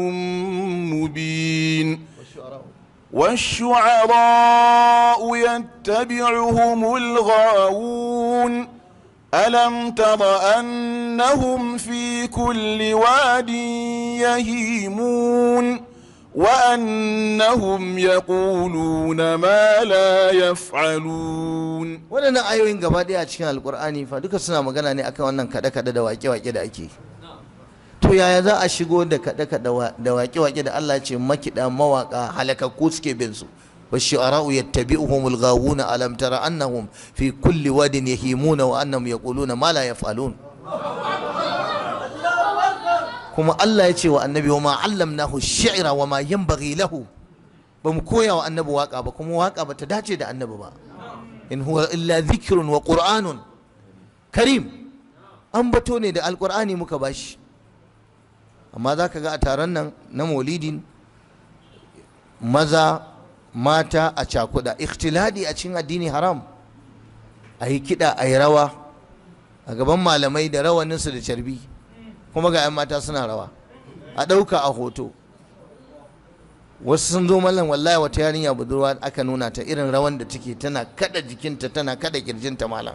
مبين والشعراء يتبعهم الغاوون ألم تر أنهم في كل واد يهيمون وأنهم يقولون ما لا يفعلون waɗannan ayoyin gaba a cikin alƙur'ani fa duka suna magana ne akan wannan kaɗe-kaɗe da waƙe-waƙe da ake to yaya za a shigo da kaɗe-kaɗe da waƙe-waƙe da Allah ce makiɗa mawaƙa halakakku suke bin والشعراء يتبعهم الغاوون ألم ترى أنهم في كل واد يهيمون وأنهم يقولون ما لا يفعلون كما الله يتي والنبي وما علمناه الشعر وما ينبغي له بمكويا والنبي واقع بكم واقع بتداتي دا النبي با إن هو إلا ذكر وقرآن كريم أنبتوني دا القرآن مكباش أما ذاك قاعد تارنن نموليدين maza mata a cakuda ikhtiladi a cikin addini haram a yi kiɗa a yi rawa a gaban malamai da rawaninsu da carbi kuma ga 'yan mata suna rawa a ɗauka a hoto wasu sun zo mallam wallahi wata yarinya budurwa aka nuna ta irin rawan da take tana kada jikinta tana kada kirjinta malam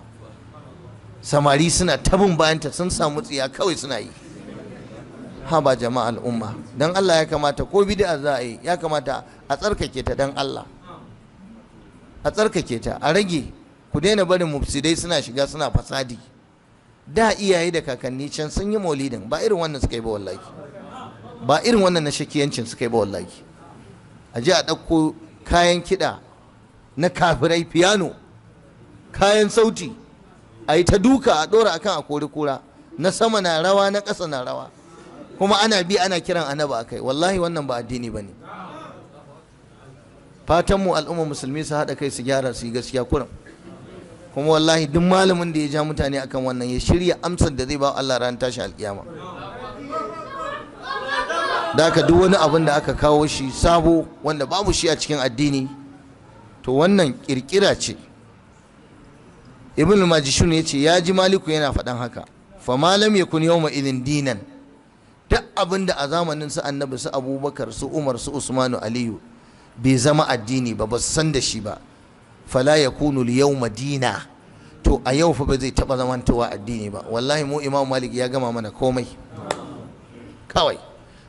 samari suna tabin bayanta sun samu tsiya kawai suna yi haba jama'a al'umma don Allah ya kamata ko bid'a za a yi ya kamata a tsarkake ta don Allah a tsarkake ta a rage ku daina barin mufsidai suna shiga suna fasadi da iyaye da kakanni can sun yi maulidin ba irin wannan suka yi ba wallahi ba irin wannan na shakiyancin suka yi ba wallahi a ji a ɗauko kayan kiɗa na kafirai fiyano kayan sauti a yi ta duka a ɗora akan a kori kura na sama na rawa na ƙasa na rawa kuma ana bi ana kiran annaba akai wallahi wannan ba addini bane fatan mu al'umma musulmi su hada kai su gyara su yi gaskiya kuran kuma wallahi duk malamin da ya ja mutane akan wannan ya shirya amsar da zai ba Allah ran tashi alkiyama da ka duk wani abin da aka kawo shi sabo wanda babu shi a cikin addini to wannan kirkira ce ibn majishun ya ce ya ji maliku yana faɗan haka fa malam yakun yawma idin dinan duk abin da a zamanin su annabi su abubakar su umar su usmanu aliyu bai zama addini ba ba san da shi ba fala ya kunu liyau Madina, to a yau fa ba zai taba zamantowa addini ba wallahi mu imam malik ya gama mana komai kawai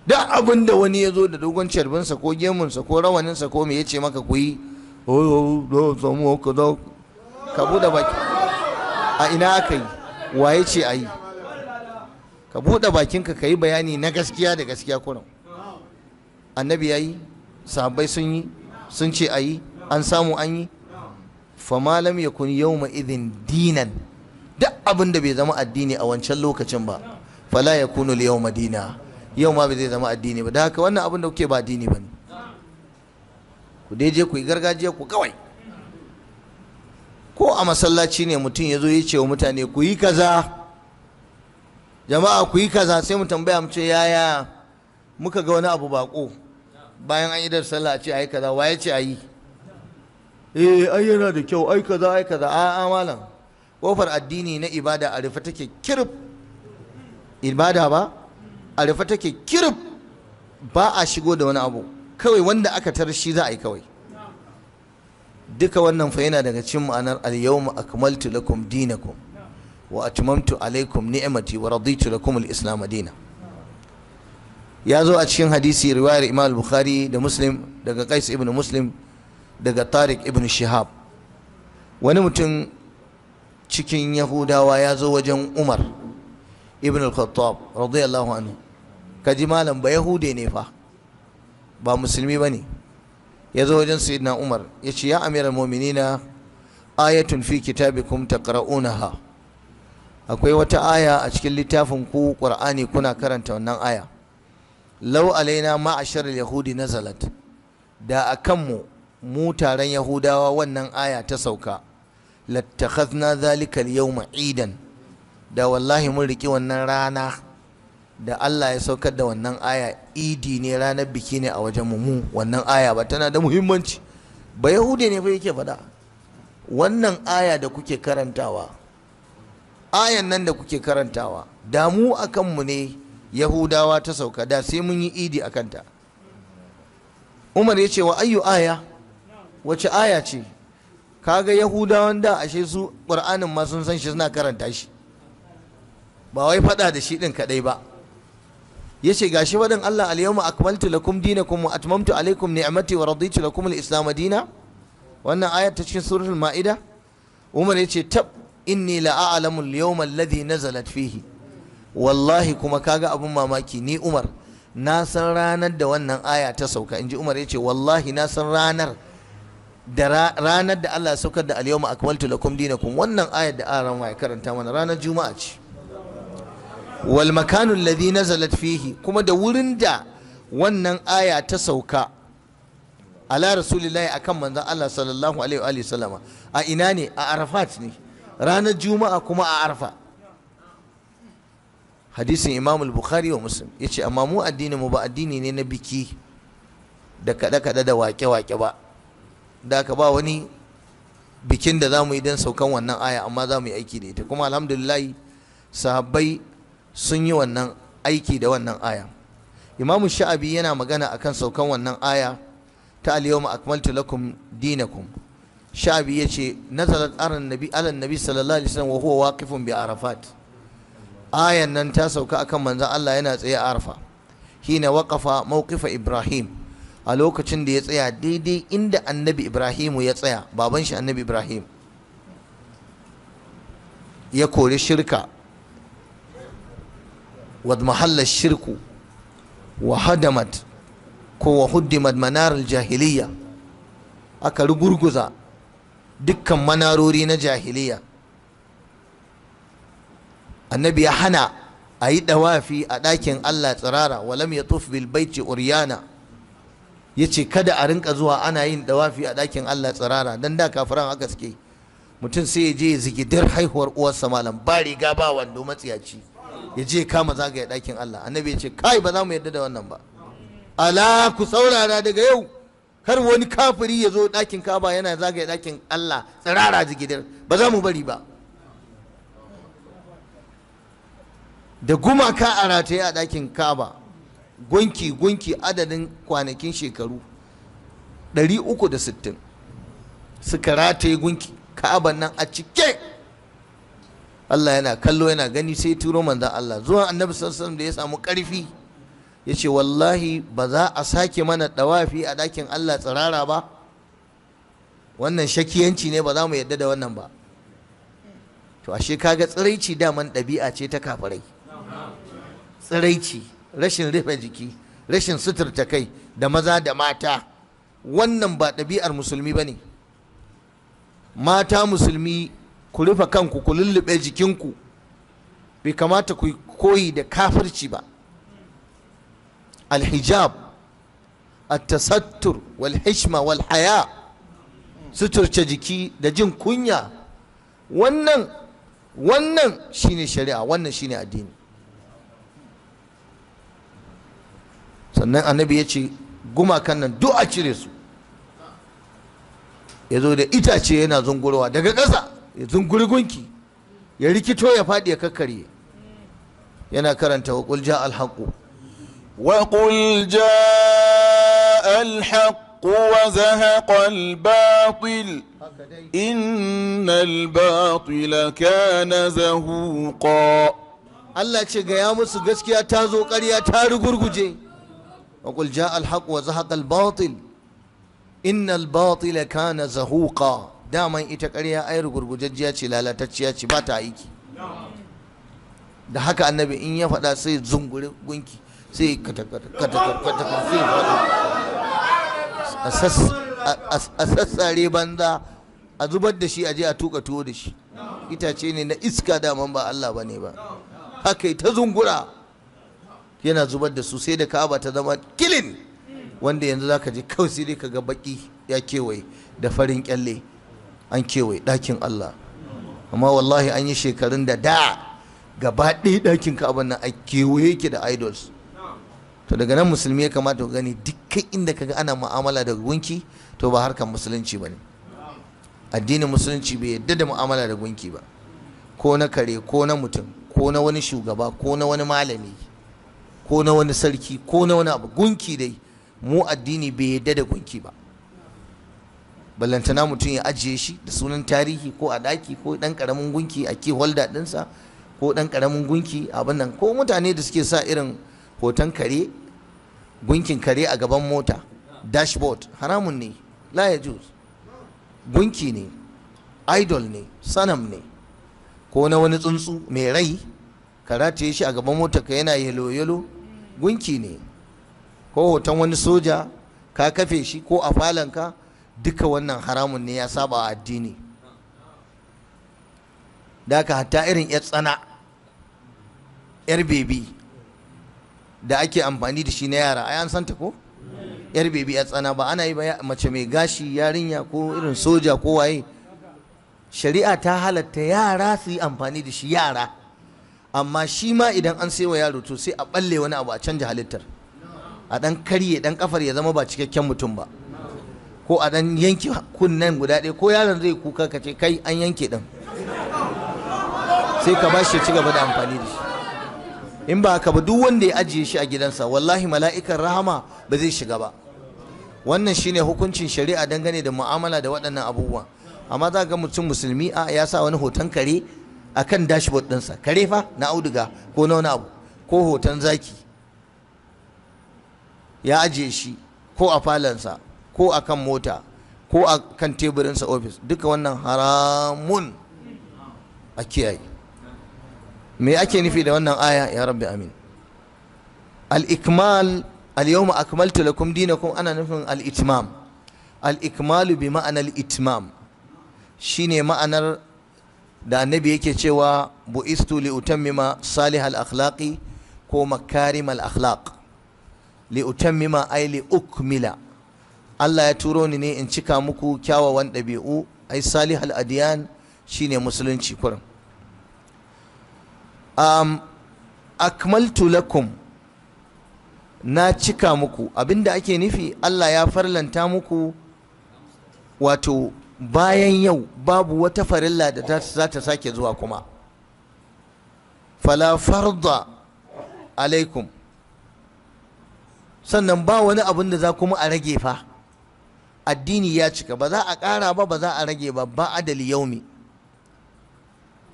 duk abin da wani ya zo da dogon carbinsa ko gemunsa ko rawaninsa ko me ya ce maka ku yi oh, oh, ka buɗe a ina aka yi waye ce a yi ka buɗe bakinka ka yi bayani na gaskiya da gaskiya kurin annabi ya yi sahabbai sun yi sun ce a yi an samu an yi famalam ya kun yau idin dinan duk abin da bai zama addini a wancan lokacin ba fala ya kunu yau madina yau ma bai zama addini ba da haka wannan abin da kuke ba addini ba ne ku dai je ku yi gargajiya ku kawai ko a masallaci ne mutum ya zo ya ce wa mutane ku yi kaza jama'a ku yi kaza sai mu tambaya mu ce yaya muka ga wani abu bako bayan an yi da sallah a ce ai kaza waye ce ayi eh ai yana da kyau ai kaza ai kaza a a malam kofar addini na ibada a rufe take kirif ibada ba a rufe take kirif ba a shigo da wani abu kawai wanda aka tar shi za a yi kawai duka wannan fa yana daga cin ma'anar al-yawma akmaltu lakum dinakum wa atmamtu alaikum ni'mati wa raditu lakum al-islam ya zo a cikin hadisi riwayar Imam Bukhari da Muslim daga Qais ibn Muslim daga Tariq ibn Shihab wani mutum cikin Yahudawa ya zo wajen Umar ibn al-Khattab radiyallahu anhu kaji malam ba Yahude ne fa ba musulmi bane ya zo wajen Sayyidina Umar ya ce ya amiral mu'minina ayatun fi kitabikum taqra'unaha akwai wata aya a cikin littafin ku qur'ani kuna karanta wannan aya lau alaina ma'ashar yahudi nazalat da akan mu mu taron yahudawa wannan aya ta sauka lattakhadna zalika al-yawma idan da wallahi mun riki wannan rana da Allah ya saukar da wannan aya idi ne ranar biki ne a wajen mu wannan aya ba tana da muhimmanci ba Yahudi ne fa yake faɗa wannan aya da kuke karantawa ayan nan da kuke karantawa damu a kanmu ne yahudawa ta sauka da sai mun yi idi a kanta umar ya ce wa ayyu aya wace aya ce kaga yahudawan da ashe su ƙur'anin ma sun san shi suna karanta shi ba wai faɗa da shi din kaɗai ba ya ce gashi waɗin Allah al-yawma akmaltu lakum dinakum wa atmamtu alaikum ni'mati wa raditu lakum al-islam dina wannan ayat ta cikin suratul ma'ida umar ya ce tab inni la'alamu al-yawma alladhi nazalat fihi wallahi kuma kaga abun mamaki ni Umar na san ranar da wannan aya ta sauka inji Umar yace wallahi na san ranar da ranar da Allah ya saukar da al-yawma akmaltu lakum dinakum wannan ayar da aran ya karanta mana ranar juma'a ce wal makanu alladhi nazalat fihi kuma da wurin da wannan aya ta sauka ala rasulillahi akan manzon Allah sallallahu alaihi wa sallama a ina ne a Arafat ne ranar juma'a kuma a arfa hadisin imam bukhari wa muslim ya ce amma mu addinin mu ba addini ne na biki da kaɗe-kaɗe da wake-wake ba da ka ba wani bikin da za mu yi don saukan wannan aya amma za mu yi aiki da ita kuma alhamdulillah sahabbai sun yi wannan aiki da wannan aya imam sha'abi yana magana akan saukan wannan aya ta al-yawma akmaltu lakum dinakum sha'abi ya ce nazarat aran nabi alan nabi sallallahu alaihi wasallam wa huwa waqifun bi arafat ayan nan ta sauka akan manzon Allah yana tsaye a arfa hina waqafa mawqifa ibrahim a lokacin da ya tsaya daidai inda annabi ibrahimu ya tsaya baban shi annabi ibrahim ya kori shirka wa mahalla shirku wa hadamat ko wa huddimat manar jahiliya aka rugurguza dukkan manarori na jahiliya annabi ya hana a yi dawafi a ɗakin Allah tsirara walam ya tuf bil baiti uryana ya ce kada a rinka zuwa ana yin dawafi a ɗakin Allah tsirara don da kafiran haka suke mutum sai ya je ya zigidir haihuwar uwarsa malam ba riga ba wando matsiyaci ya je kama zagaya ɗakin Allah annabi ya ce kai ba za mu yarda da wannan ba ala ku saurara daga yau kar wani kafiri ya zo ɗakin kaba yana zagaya ɗakin Allah tsirara jigidar ba za mu bari ba da gumaka a rataye a ɗakin kaba gunki gunki adadin kwanakin shekaru 360 suka rataye gunki kaba nan a cike Allah yana kallo yana gani sai turo manzan Allah zuwan annabi sallallahu da ya samu ƙarfi ya ce wallahi ba za a sake mana ɗawafi a ɗakin Allah tsirara ba wannan shakiyanci ne ba za mu yadda da wannan ba to ashe kaga tsiraici daman ɗabi'a ce ta kafirai tsiraici rashin rufe jiki rashin suturta kai da maza da mata wannan ba ɗabi'ar musulmi ba ne mata musulmi ku rufe kanku ku lullube jikinku bai kamata ku koyi da kafirci ba alhijab attasattur walhishma walhaya suturce jiki da jin kunya wannan wannan shine shari'a wannan shine addini sannan annabi ya ce gumakan nan duk a cire su ya zo da itace yana zungurowa daga ƙasa ya zunguri gunki ya rikito ya faɗi ya kakkarye yana karanta wa ƙulja alhaƙu وقل جاء الحق وزهق الباطل إن الباطل كان زهوقا الله يقول يا مسو قسكي أتازو قريا تارو قرقجي وقل جاء الحق وزهق الباطل إن الباطل كان زهوقا دائما إتكريا أير قرقجي لا تشيا باتا إيكي da haka annabi in ya faɗa sai zungure a sassare banza a zubar da shi a je a tuka tuwo da shi itace ne na iska daman ba Allah ba ne ba haka ta zungura yana zubar da su sai da ka'aba ta zama kilin wanda yanzu zaka je kawai sai dai kaga baki ya kewaye da farin kyalle an kewaye ɗakin Allah amma wallahi an yi shekarun da da gaba ɗaya ɗakin ka'aba a kewaye ki da idols to daga nan musulmi ya kamata ku gani dukkan inda kaga ana mu'amala da gunki to ba harkar musulunci bane addinin musulunci bai yadda da mu'amala da gunki ba ko na kare ko na mutum ko na wani shugaba ko na wani malami ko na wani sarki ko na wani abu gunki dai mu addini bai yadda da gunki ba ballantana mutum ya ajiye shi da sunan tarihi ko a daki ko dan karamin gunki a key holder dinsa ko dan karamin gunki abin nan ko mutane da suke sa irin hoton kare gunkin kare a gaban mota dashboard haramun ne la ya gunki ne idol ne sanam ne ko na wani tsuntsu mai rai karataye shi a gaban mota ka yana yalo yalo gunki ne ko hoton wani soja ka kafe shi ko a falanka duka wannan haramun ne ya saba a addini da ka hatta irin 'yar tsana 'yar bebi da ake amfani da shi na yara ai an santa ko yar bebi ya tsana ba ana yi ba mace mai gashi yarinya ko irin soja ko waye shari'a ta halatta yara su yi amfani da shi yara amma shi ma idan an sai wa yaro to sai a balle wani abu a canja halittar a dan karye dan kafar ya zama ba cikakken mutum ba ko a dan yanke kunnen guda ɗaya ko yaron zai kuka ka ce kai an yanke din sai ka bashi ya ci gaba da amfani da shi in ba ka ba duk wanda ya ajiye shi a gidansa wallahi mala'ikan rahama ba zai shiga ba wannan shine hukuncin shari'a dangane da mu'amala da waɗannan abubuwa amma za ga mutum musulmi a ya sa wani hoton kare a kan dashboard ɗinsa kare fa na auduga ko na wani abu ko hoton zaki ya ajiye shi ko a falansa ko a kan mota ko a kan teburinsa ofis duka wannan haramun a kiyaye me ake nufi da wannan aya ya rabbi amin al-ikmal al-yawma akmaltu lakum dinakum ana nufin al-itmam al-ikmalu bi ma'ana al-itmam shine ma'anar da annabi yake cewa bu'istu li utammima salihal akhlaqi ko makarimal akhlaq li utammima ay li ukmila Allah ya turo ni ne in cika muku kyawawan ɗabi'u ai salihal adiyan shine musulunci kurin um, akmaltu lakum na cika muku abinda ake nufi Allah ya farlanta muku wato bayan yau babu wata farilla da za ta sake zuwa kuma fala farda alaikum sannan ba wani abin da za kuma a rage fa addini ya cika ba za a ƙara ba ba za a rage ba ba adali yaumi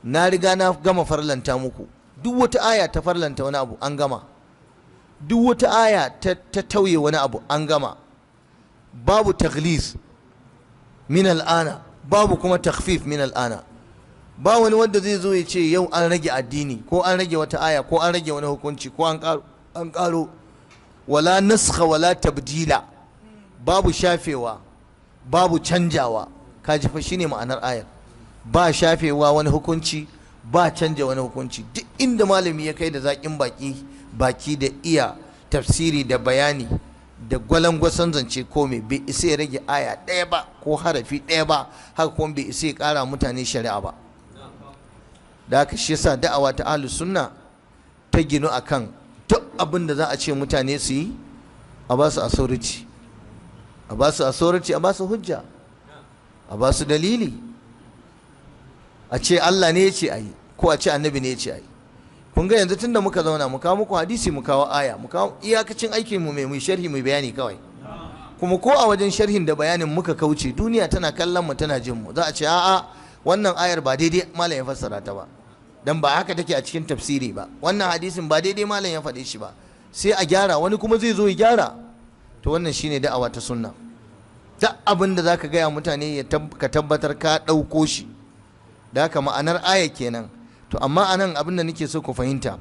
na riga na gama farlanta muku duk wata aya ta farlanta wani abu an gama duk wata aya ta tauye wani abu an gama babu taglis min al'ana babu kuma takfif min al'ana ba wani wanda zai zo ya ce yau an rage addini ko an rage wata aya ko an rage wani hukunci ko an karo wala naskha wala tabdila babu shafewa babu canjawa kaji fa ne ma'anar ayar ba shafewa wani hukunci ba canja wani hukunci duk inda malami ya kai da zaƙin baki baki da iya tafsiri da bayani da gwalangwason zance ko mai bai isa ya rage aya ɗaya ba ko harafi ɗaya ba har kuma bai isa ya ƙara mutane shari'a ba da haka shi yasa da'awa ta ahlu sunna ta ginu akan duk abin da za a ce mutane su yi a ba su authority a ba su a ba su hujja a ba su dalili a ce Allah ne ce a yi ko a ce annabi ne ya ce a yi kun ga yanzu tunda muka zauna mu kawo muku hadisi mu kawo aya mu kawo iyakacin aikin mu mai mu sharhi mu bayani kawai kuma ko a wajen sharhin da bayanin muka kauce duniya tana kallon mu tana jin mu za a ce a'a wannan ayar ba daidai malam ya fassara ta ba dan ba haka take a cikin tafsiri ba wannan hadisin ba daidai malam ya faɗe shi ba sai a gyara wani kuma zai zo ya gyara to wannan shine da'awa ta sunna duk abin da zaka gaya mutane ka tabbatar ka ɗauko shi da haka ma'anar aya kenan to amma anan abin da nake so ku fahimta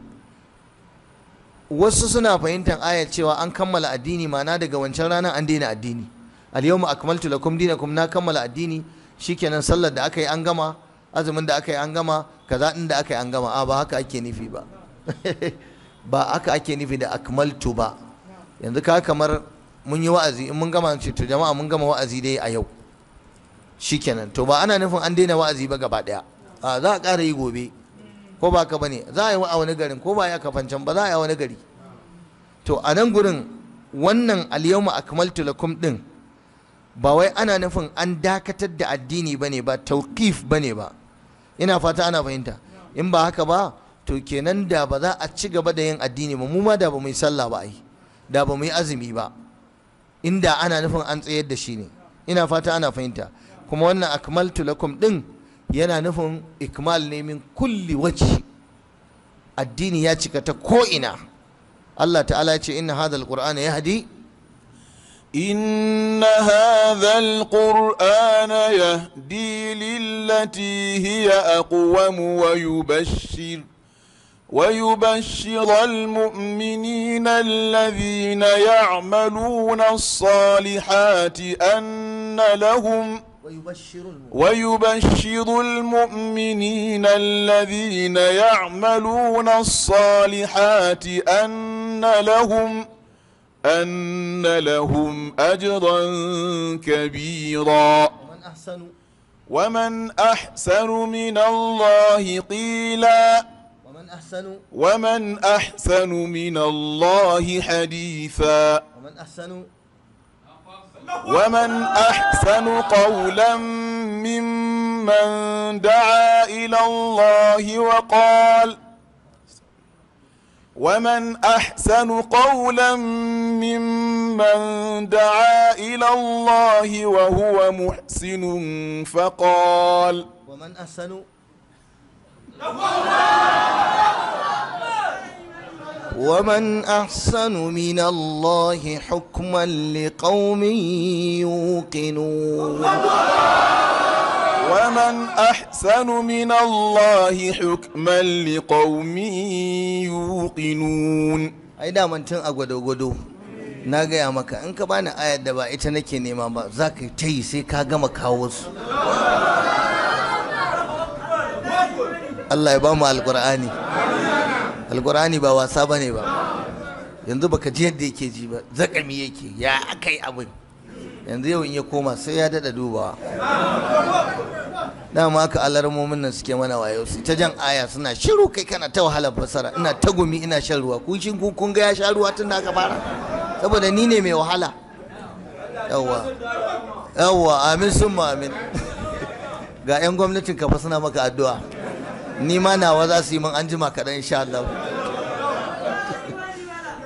wasu suna fahimtar aya cewa an kammala addini ma'ana daga wancan ranar an daina addini al-yawma akmaltu lakum dinakum na kammala addini shikenan sallar da aka yi an gama azumin da aka yi an gama kaza din da aka yi an gama a ba haka ake nufi ba [LAUGHS] ba haka ake nufi da akmaltu ba yanzu ka kamar mun yi wa'azi in mun gama ce to jama'a mun gama wa'azi dai a yau shikenan to ba ana nufin an daina wa'azi ba gaba daya a za a ƙara yi gobe ko ba ka bane za a yi a wani garin ko ba ya kafancan ba za a yi a wani gari to a nan gurin wannan alyawma akmaltu lakum din ba wai ana nufin an dakatar da addini bane ba tawqif bane ba ina fata ana fahimta in ba haka ba to kenan da ba za a ci gaba da yin addini ba mu ma da ba mu yi sallah ba ai da ba mu yi azumi ba inda ana nufin an tsayar da shi ne ina fata ana fahimta kuma wannan akmaltu lakum din yana nufin ikmal ne min kulli waji addini ya cika ta ko'ina Allah ta'ala ce inna hadha alquran yahdi إن هذا القرآن يهدي للتي هي أقوم ويبشر ويبشر المؤمنين الذين يعملون الصالحات أن لهم ۖ ويبشر المؤمنين, ويبشر المؤمنين الذين يعملون الصالحات أن لهم أن لهم أجرا كبيرا ومن أحسن ومن أحسن من الله قيلا ومن أحسن ومن أحسن من الله حديثا ومن أحسن ومن أحسن قولا ممن دعا إلى الله وقال ومن أحسن قولا ممن دعا إلى الله وهو محسن فقال ومن أحسن ومن أحسن من الله حكما لقوم يوقنون ومن أحسن من الله حكما لقوم يوقنون أي دا من تن أقودو قدو na gaya maka in ka bani ayar da ba ita nake nema ba za ka ta yi sai ka gama kawo su Allah ya ba mu alƙur'ani alkur'ani ba wasa bane ba yanzu baka ji yadda yake ji ba zakami yake ya akai abin yanzu yau in ya koma sai ya dada dubawa ka haka alarmomin nan suke mana wayo su ta jan aya suna shiru kai kana ta wahala fasara ina ta gumi ina shan ruwa ku shin kun ga ya sha ruwa tun da aka fara saboda ni ne mai wahala yawwa yawwa amin sun amin [LAUGHS] ga 'yan gwamnatin kafa suna maka addu'a ni ma nawa za su yi min anjima kaɗan insha Allah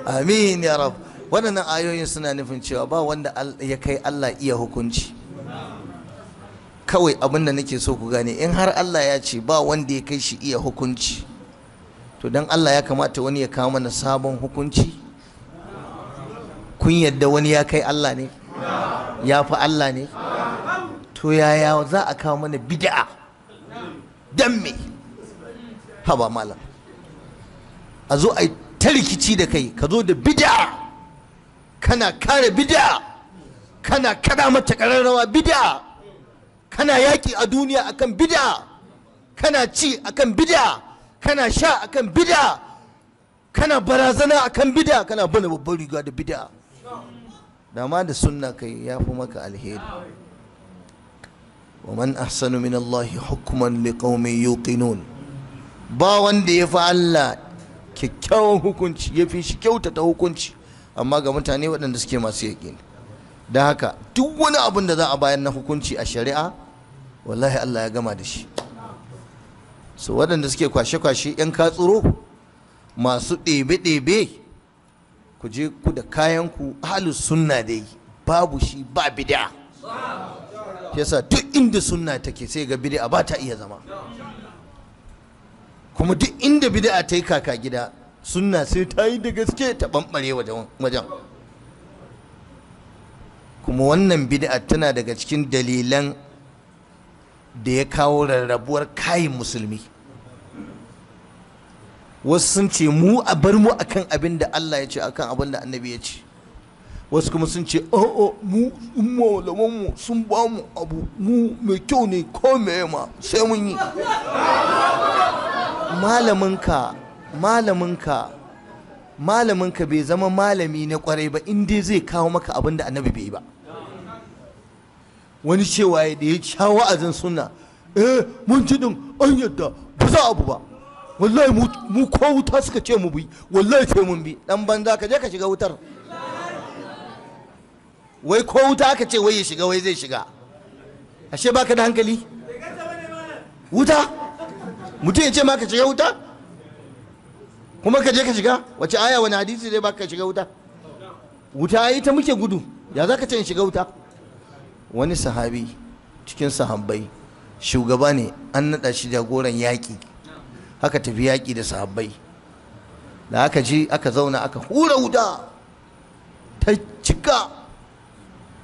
amin ya rab waɗannan ayoyin suna nufin cewa ba wanda ya kai Allah iya hukunci kawai abin da nake so ku gane in har Allah ya ce ba wanda ya kai shi iya hukunci to dan Allah ya kamata wani ya kawo mana sabon hukunci kun yadda wani ya kai Allah ne ya fi Allah ne to yaya za a kawo mana bid'a dan me haba malam a zo a yi ta rikici da kai ka zo da bid'a kana kare bid'a kana kada mata kararrawa bid'a kana yaki a duniya akan bid'a kana ci akan bid'a kana sha akan bid'a kana barazana akan bid'a kana bana babban riga da bid'a da ma da sunna kai ya fi maka alheri ومن أحسن من الله حكما لقوم يوقنون ba wanda ya fi Allah kyakkyawan hukunci ya fi shi kyautata hukunci amma ga mutane waɗanda suke masu yaƙini da haka duk wani abin da za a bayar na hukunci a shari'a wallahi Allah ya gama da shi so waɗanda suke kwashe-kwashe 'yan katsuro masu ɗebe-ɗebe ku je ku da kayanku halus sunna dai babu shi ba bid'a yasa duk inda sunna take sai ga bid'a ba ta iya zama kuma duk inda bid'a ta yi kaka gida suna sai ta yi da gaske ta bambare wajen kuma wannan bid'a tana daga cikin dalilan da ya kawo rarrabuwar kayan musulmi wasu sun ce mu a bar mu akan abin da Allah ya ce akan abin da annabi ya ce wasu kuma sun ce a'a mu malaman mu sun ba mu abu mu mai kyau ne ko me ma sai mun yi malaminka malaminka malaminka bai zama malami na kwarai ba inda zai kawo maka abin da annabi bai ba wani cewa da ya sha wa'azin suna eh mun ci din an yadda ba za abu ba wallahi mu ko wuta suka ce mu bi wallahi sai mun bi dan banza ka je ka shiga wutar wai ko wuta aka ce wai ya shiga wai zai shiga ashe baka da hankali wuta mutum ya ce ma ka shiga wuta kuma ka je ka shiga wace aya wani hadisi zai baka shiga wuta wuta yi ta muke gudu ya za ka ce in shiga wuta wani sahabi cikin sahabbai shugaba ne an naɗa shi jagoran yaƙi haka tafi yaƙi da sahabbai da aka ji aka zauna aka hura wuta ta cika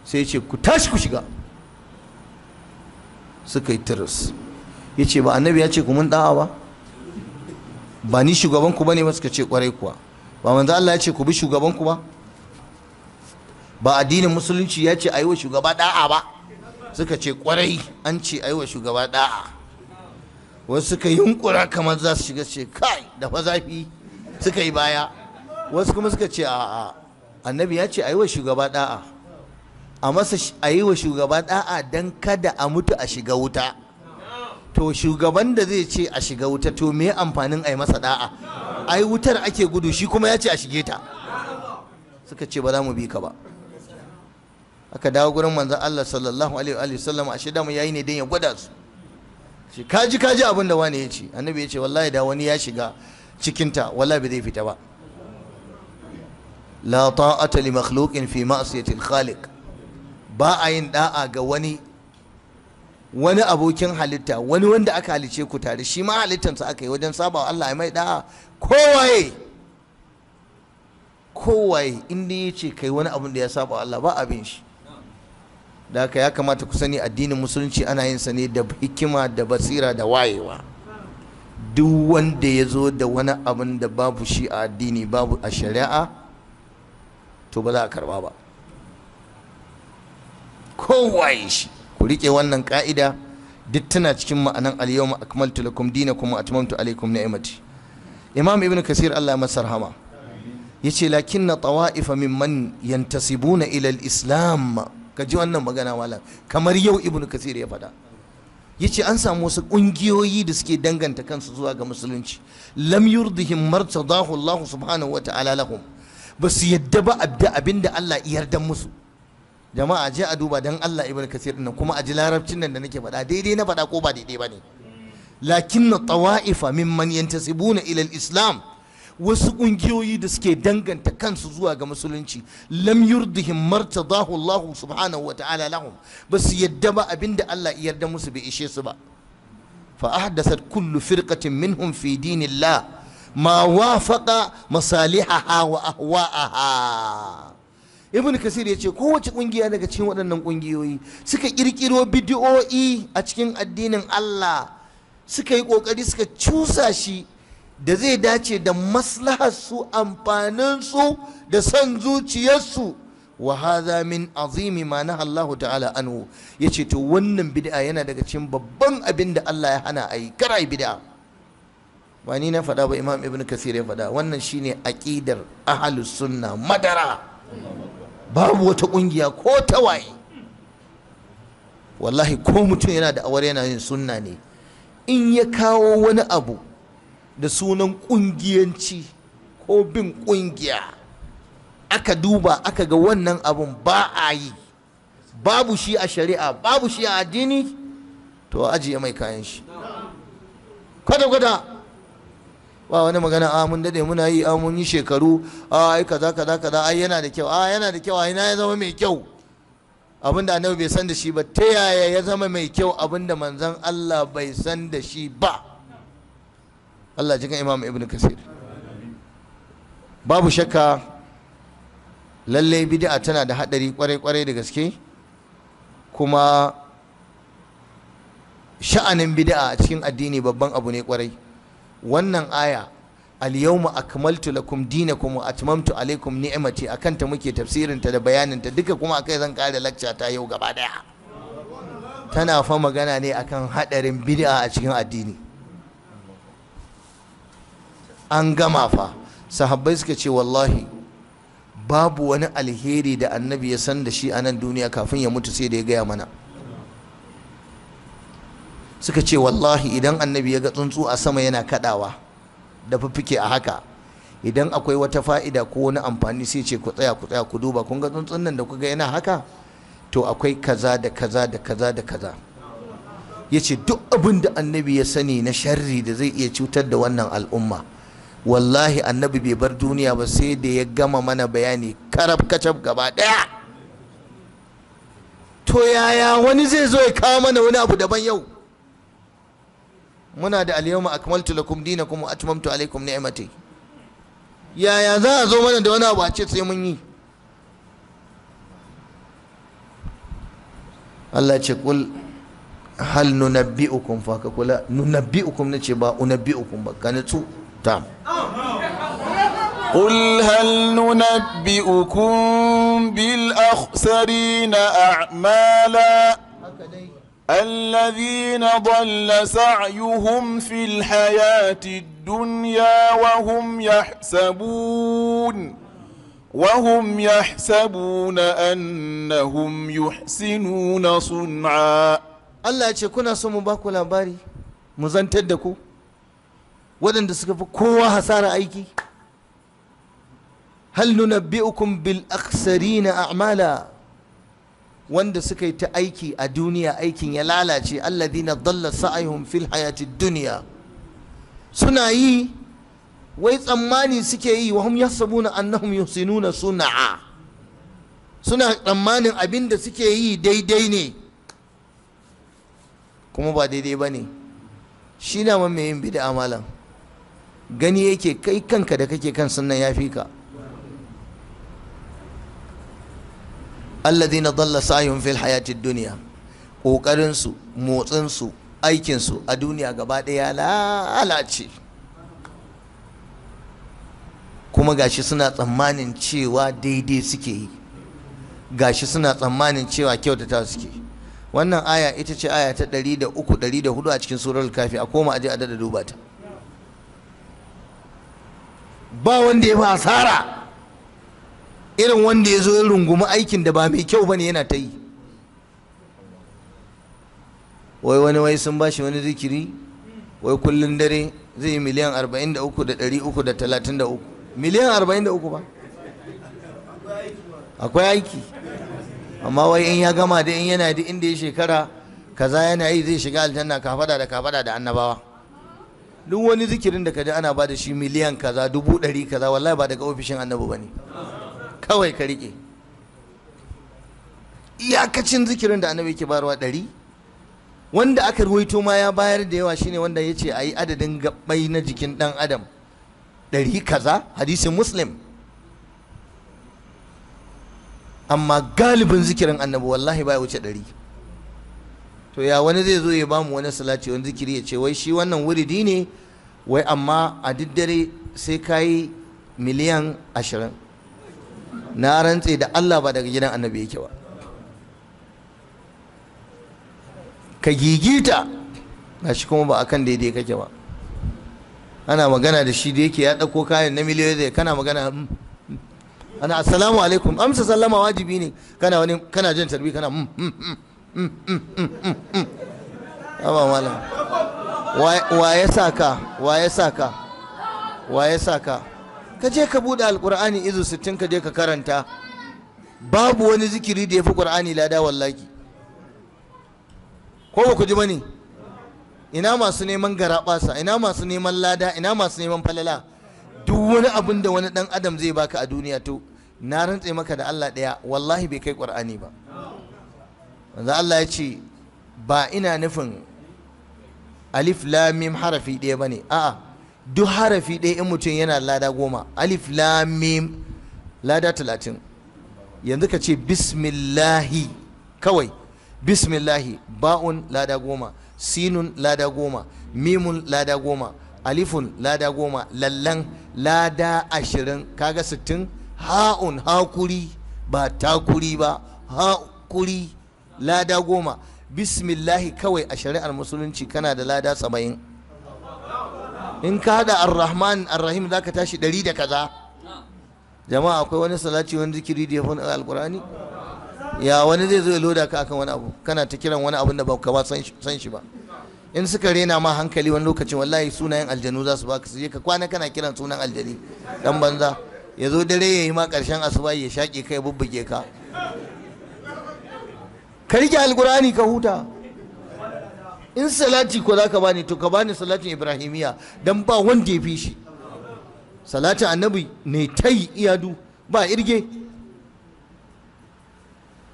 sai ce ku tashi ku shiga suka yi ya ce ba annabi ya ce ku mun da'a ba ba ni shugaban ku bane ba suka ce kwarai kuwa ba manzo Allah ya ce ku bi shugaban ku ba ba addinin musulunci ya ce ayi wa shugaba da'a ba suka ce kwarai an ce ayi wa shugaba da'a wasu suka yunkura kamar za su shiga ce kai da fa zafi suka yi baya wasu kuma suka ce a'a annabi ya ce ayi wa shugaba da'a a masa ayi wa shugaba da'a dan kada a mutu a shiga wuta to shugaban da zai ce a shiga wuta to me amfanin a yi masa da'a ai wutar ake gudu shi kuma ya ce a shige ta suka ce ba za mu bi ka ba aka dawo gurin manzon Allah sallallahu alaihi wa sallam a shida mu yayi ne dan ya gwada su shi kaji kaji abin da wani ya ce annabi ya ce wallahi da wani ya shiga cikin ta wallahi zai fita ba la ta'ata li makhluqin fi ma'siyati al-khaliq ba a yin da'a ga wani wani abokin halitta wani wanda aka halice ku tare shi ma halittansa aka yi wajen saba wa Allah ya mai da'a kowaye kowaye inda ya ce kai wani abun da ya saba wa Allah ba abin shi da haka ya kamata ku sani addinin musulunci ana yin sa ne da hikima da basira da wayewa duk wanda ya zo da wani abun da babu shi a addini babu a shari'a to ba za a karba ba kowaye shi ku rike wannan ka'ida duk tana cikin ma'anan al-yawma akmaltu lakum dinakum wa atmamtu alaykum ni'mati imam ibn kasir Allah masa rahama yace lakinna tawa'ifa mimman yantasibuna ila al-islam kaji wannan magana wala kamar yau ibn kasir ya faɗa yace an samu wasu ƙungiyoyi da suke danganta kansu zuwa ga musulunci lam yurdihim martadahu Allah subhanahu wa ta'ala lahum basu yadda ba abinda Allah yarda musu jama'a je a duba dan Allah ibn kasir din kuma a ji larabcin nan da nake faɗa daidai na faɗa ko ba daidai ne. lakinna tawa'ifa mimman yantasibuna ila al-islam wasu ƙungiyoyi da suke danganta kansu zuwa ga musulunci lam yurdihim martadahu Allah subhanahu wa ta'ala lahum ba yadda ba abinda Allah ya yarda musu bai ishe su ba fa ahdathat kullu firqatin minhum fi dinillah ma wafaqa masalihaha wa ahwa'aha ibn kasir ya ce kowace kungiya daga cikin waɗannan kungiyoyi suka kirkiro bidiyo'i a cikin addinin Allah suka yi kokari suka cusa shi da zai dace da maslahar amfaninsu da son zuciyarsu wa haza min azimi ma na allahu ta'ala anhu ya ce to wannan bid'a yana daga cikin babban abin da Allah ya hana ayi kar yi bid'a ba ni na faɗa ba Imam Ibn Kasir ya fada wannan shine aqidar ahlus sunna madara babu wata kungiya ko ta waye wallahi ko mutum yana da awar yana yin sunna ne in ya kawo wani abu da sunan kungiyanci ko bin kungiya aka duba aka ga wannan abun ba a yi babu shi a shari'a babu shi a addini to ajiye mai kayan shi kwata-kwata ba wani magana a ah, mun dade muna yi a ah, mun yi shekaru a ah, ai kaza kaza kaza ai yana da kyau a yana da kyau ai na ya zama mai kyau abinda annabi bai san da shi ba ta yaya ya zama mai kyau abinda manzon Allah bai san da shi ba Allah jikan Imam Ibn Kasir babu shakka lalle bid'a tana da hadari kwarai kwarai da gaske kuma sha'anin bid'a a cikin addini babban abu ne kwarai wannan aya alyawma akmaltu lakum dinakum wa atmamtu alaykum ni'mati akan ta muke tafsirin ta da bayanin ta duka kuma akai zan kare lecture ta yau gaba daya tana fa magana ne akan hadarin bid'a a cikin addini an gama fa sahabbai suka ce wallahi babu wani alheri da annabi ya san da shi a nan duniya kafin ya mutu sai da ya gaya mana suka ce wallahi idan annabi ya ga tsuntsu a sama yana kadawa da fiffike a haka idan akwai wata fa'ida ko wani amfani sai ce ku tsaya ku tsaya ku duba kun ga tsuntsun nan da kuka yana haka to akwai kaza da kaza da kaza da kaza yace duk abin da annabi ya sani na sharri da zai iya cutar da wannan al'umma wallahi annabi bai bar duniya ba sai da ya gama mana bayani karab kacab gaba daya to yaya wani zai zo ya kawo mana wani abu daban yau muna da al-yawma akmaltu lakum dinakum wa atmamtu alaykum ni'mati yaya za a zo mana da wani abu a ce sai mun yi Allah ce kul hal nunabbi'ukum fa ka kula nunabbi'ukum ce ba unabbi'ukum ba ka nutsu tam قل هل ننبئكم بالأخسرين أعمالا الذين ضل سعيهم في الحياة الدنيا وهم يحسبون وهم يحسبون أنهم يحسنون صنعا الله ya ce kuna so mu ba ku labari mu zantar da ku waɗanda suka fi kowa hasara aiki hal nunabbi'ukum bil akhsarina a'mala wanda suka yi ta aiki a duniya aikin ya lalace na dalla sa'ihum fil hayati duniya suna yi wai tsammani suke yi wa hum yahsabuna annahum yuhsinuna sun'a suna tsammanin abinda suke yi daidai ne kuma ba daidai ba ne shi na mamayin bid'a malam gani yake kai kanka da kake kan sunan ya fi ka Allah dalla sayun fil hayatid duniya kokarin su motsin su aikin a duniya gaba daya lalace kuma gashi suna tsammanin cewa daidai suke yi gashi suna tsammanin cewa kyautata suke wannan aya ita ce aya ta 300 a cikin surar kafi a koma aji a dada duba ta ba wanda ya fi asara irin wanda ya zo ya rungumi aikin da ba mai kyau bane yana ta yi wai wani wai sun ba shi wani zikiri wai kullum dare zai yi miliyan 43,333 miliyan 43 ba akwai aiki amma wai in ya gama da in yana da inda ya shekara kaza yana yi zai shiga aljanna ka fada da ka fada da annabawa duk wani zikirin da kaji ana ba da shi miliyan kaza dubu ɗari kaza wallahi ba daga ofishin annabu ba ne kawai ka rike iyakacin zikirin da annabi ke barwa ɗari wanda aka ruwaito ma ya bayar da yawa shine wanda ya ce a yi adadin gaɓɓai na jikin ɗan adam ɗari kaza hadisin muslim amma galibin zikirin annabi wallahi baya wuce ɗari to ya wani zai zo ya bamu wani salati wani zikiri ya ce wai shi wannan wuridi ne wai amma a diddare sai kayi miliyan ashirin na rantse da Allah ba daga gidan annabi yake ba ka gigita shi kuma ba akan daidai kake ba ana magana da shi da yake ya ɗauko kayan na miliyoyi da kana magana mm, mm. ana assalamu alaikum amsa sallama wajibi ne kana wani kana jin tarbi kana mm mm mm mm mm mm, mm malam wa ya saka wa ya saka wa ya saka ka je ka buɗe alkur'ani izu sittin ka je ka karanta babu wani zikiri da ya fi ƙur'ani lada wallaki ko ba ku ji mani ina masu neman garaɓasa ina masu neman lada ina masu neman falala duk wani abin da wani dan adam zai baka a duniya to na rantse maka da Allah ɗaya wallahi bai kai ƙur'ani ba manzo Allah ya ce ba ina nufin alif lam mim harafi ɗaya bane a'a duk harafi ɗaya in mutum yana lada goma alif lamim lada talatin yanzu ka ce bismillahi kawai bismillahi ba'un lada goma sinun lada goma mimun lada goma alifun lada goma lallan lada ashirin kaga sittin ha'un hakuri ba takuri ba hakuri lada goma bismillahi kawai a shari'ar musulunci kana da lada saba'in in ka haɗa ar-rahman ar-rahim za ka tashi ɗari da kaza jama'a akwai wani salati wani zikiri da ya fi alkurani ya wani zai zo ya loda ka akan wani abu kana ta kiran wani abun da ba ka ba san shi ba in suka rena ma hankali wani lokacin wallahi sunayen aljanu za su baka su je ka kwana kana kiran sunan aljani dan banza ya zo dare ya yi ma karshen asuba ya shaƙe ka ya bubbuge ka ka rike alkurani ka huta in salati ko zaka bani to ka bani salatin ibrahimiya dan ba wanda ya shi salatin annabi ne tai iyadu ba irge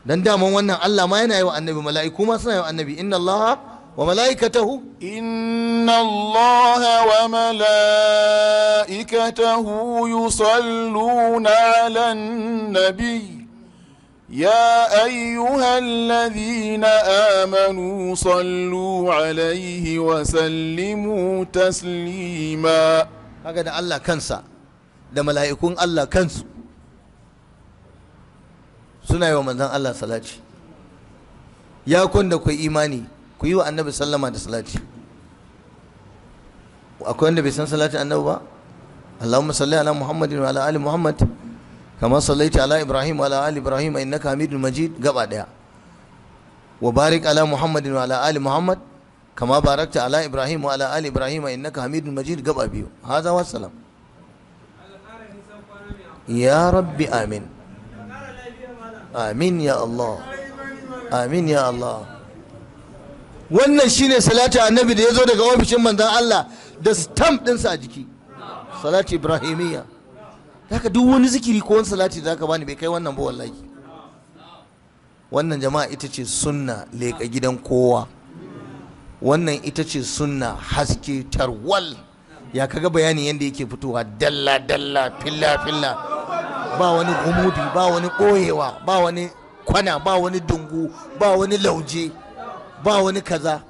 dan daman wannan Allah ma yana yi annabi mala'iku ma suna yi annabi inna Allah wa mala'ikatahu inna Allah wa mala'ikatahu yusalluna 'alan nabiy يا أيها الذين آمنوا صلوا عليه وسلموا تسليما هكذا الله كنسا da mala'ikun Allah kansu suna yi wa Allah salaci ya kun da ku imani ku yi wa annabi sallama da salaci akwai wanda bai san salatin annabi ba Allahumma salli ala Muhammadin wa ali Muhammad kama sallaita ala ibrahim wa ala ali ibrahim innaka hamidul majid gaba daya wa barik ala muhammadin wa ala ali muhammad kama barakta ala ibrahim wa ala ali ibrahim innaka hamidul majid gaba biyu hadha salam. ya rabbi amin amin ya allah amin ya allah wannan shine salati annabi da ya zo daga ofishin manzon Allah da stamp ɗinsa a jiki salati ibrahimiyya haka duk wani zikiri ko wani salati da zaka bani bai kai wannan ba wallahi wannan jama'a ita ce sunna leƙa gidan kowa wannan ita ce sunna haske tarwal ya kaga bayani yadda yake fitowa dalla dalla filla filla ba wani gumudi ba wani koyewa ba wani kwana ba wani dungu ba wani lauje ba wani kaza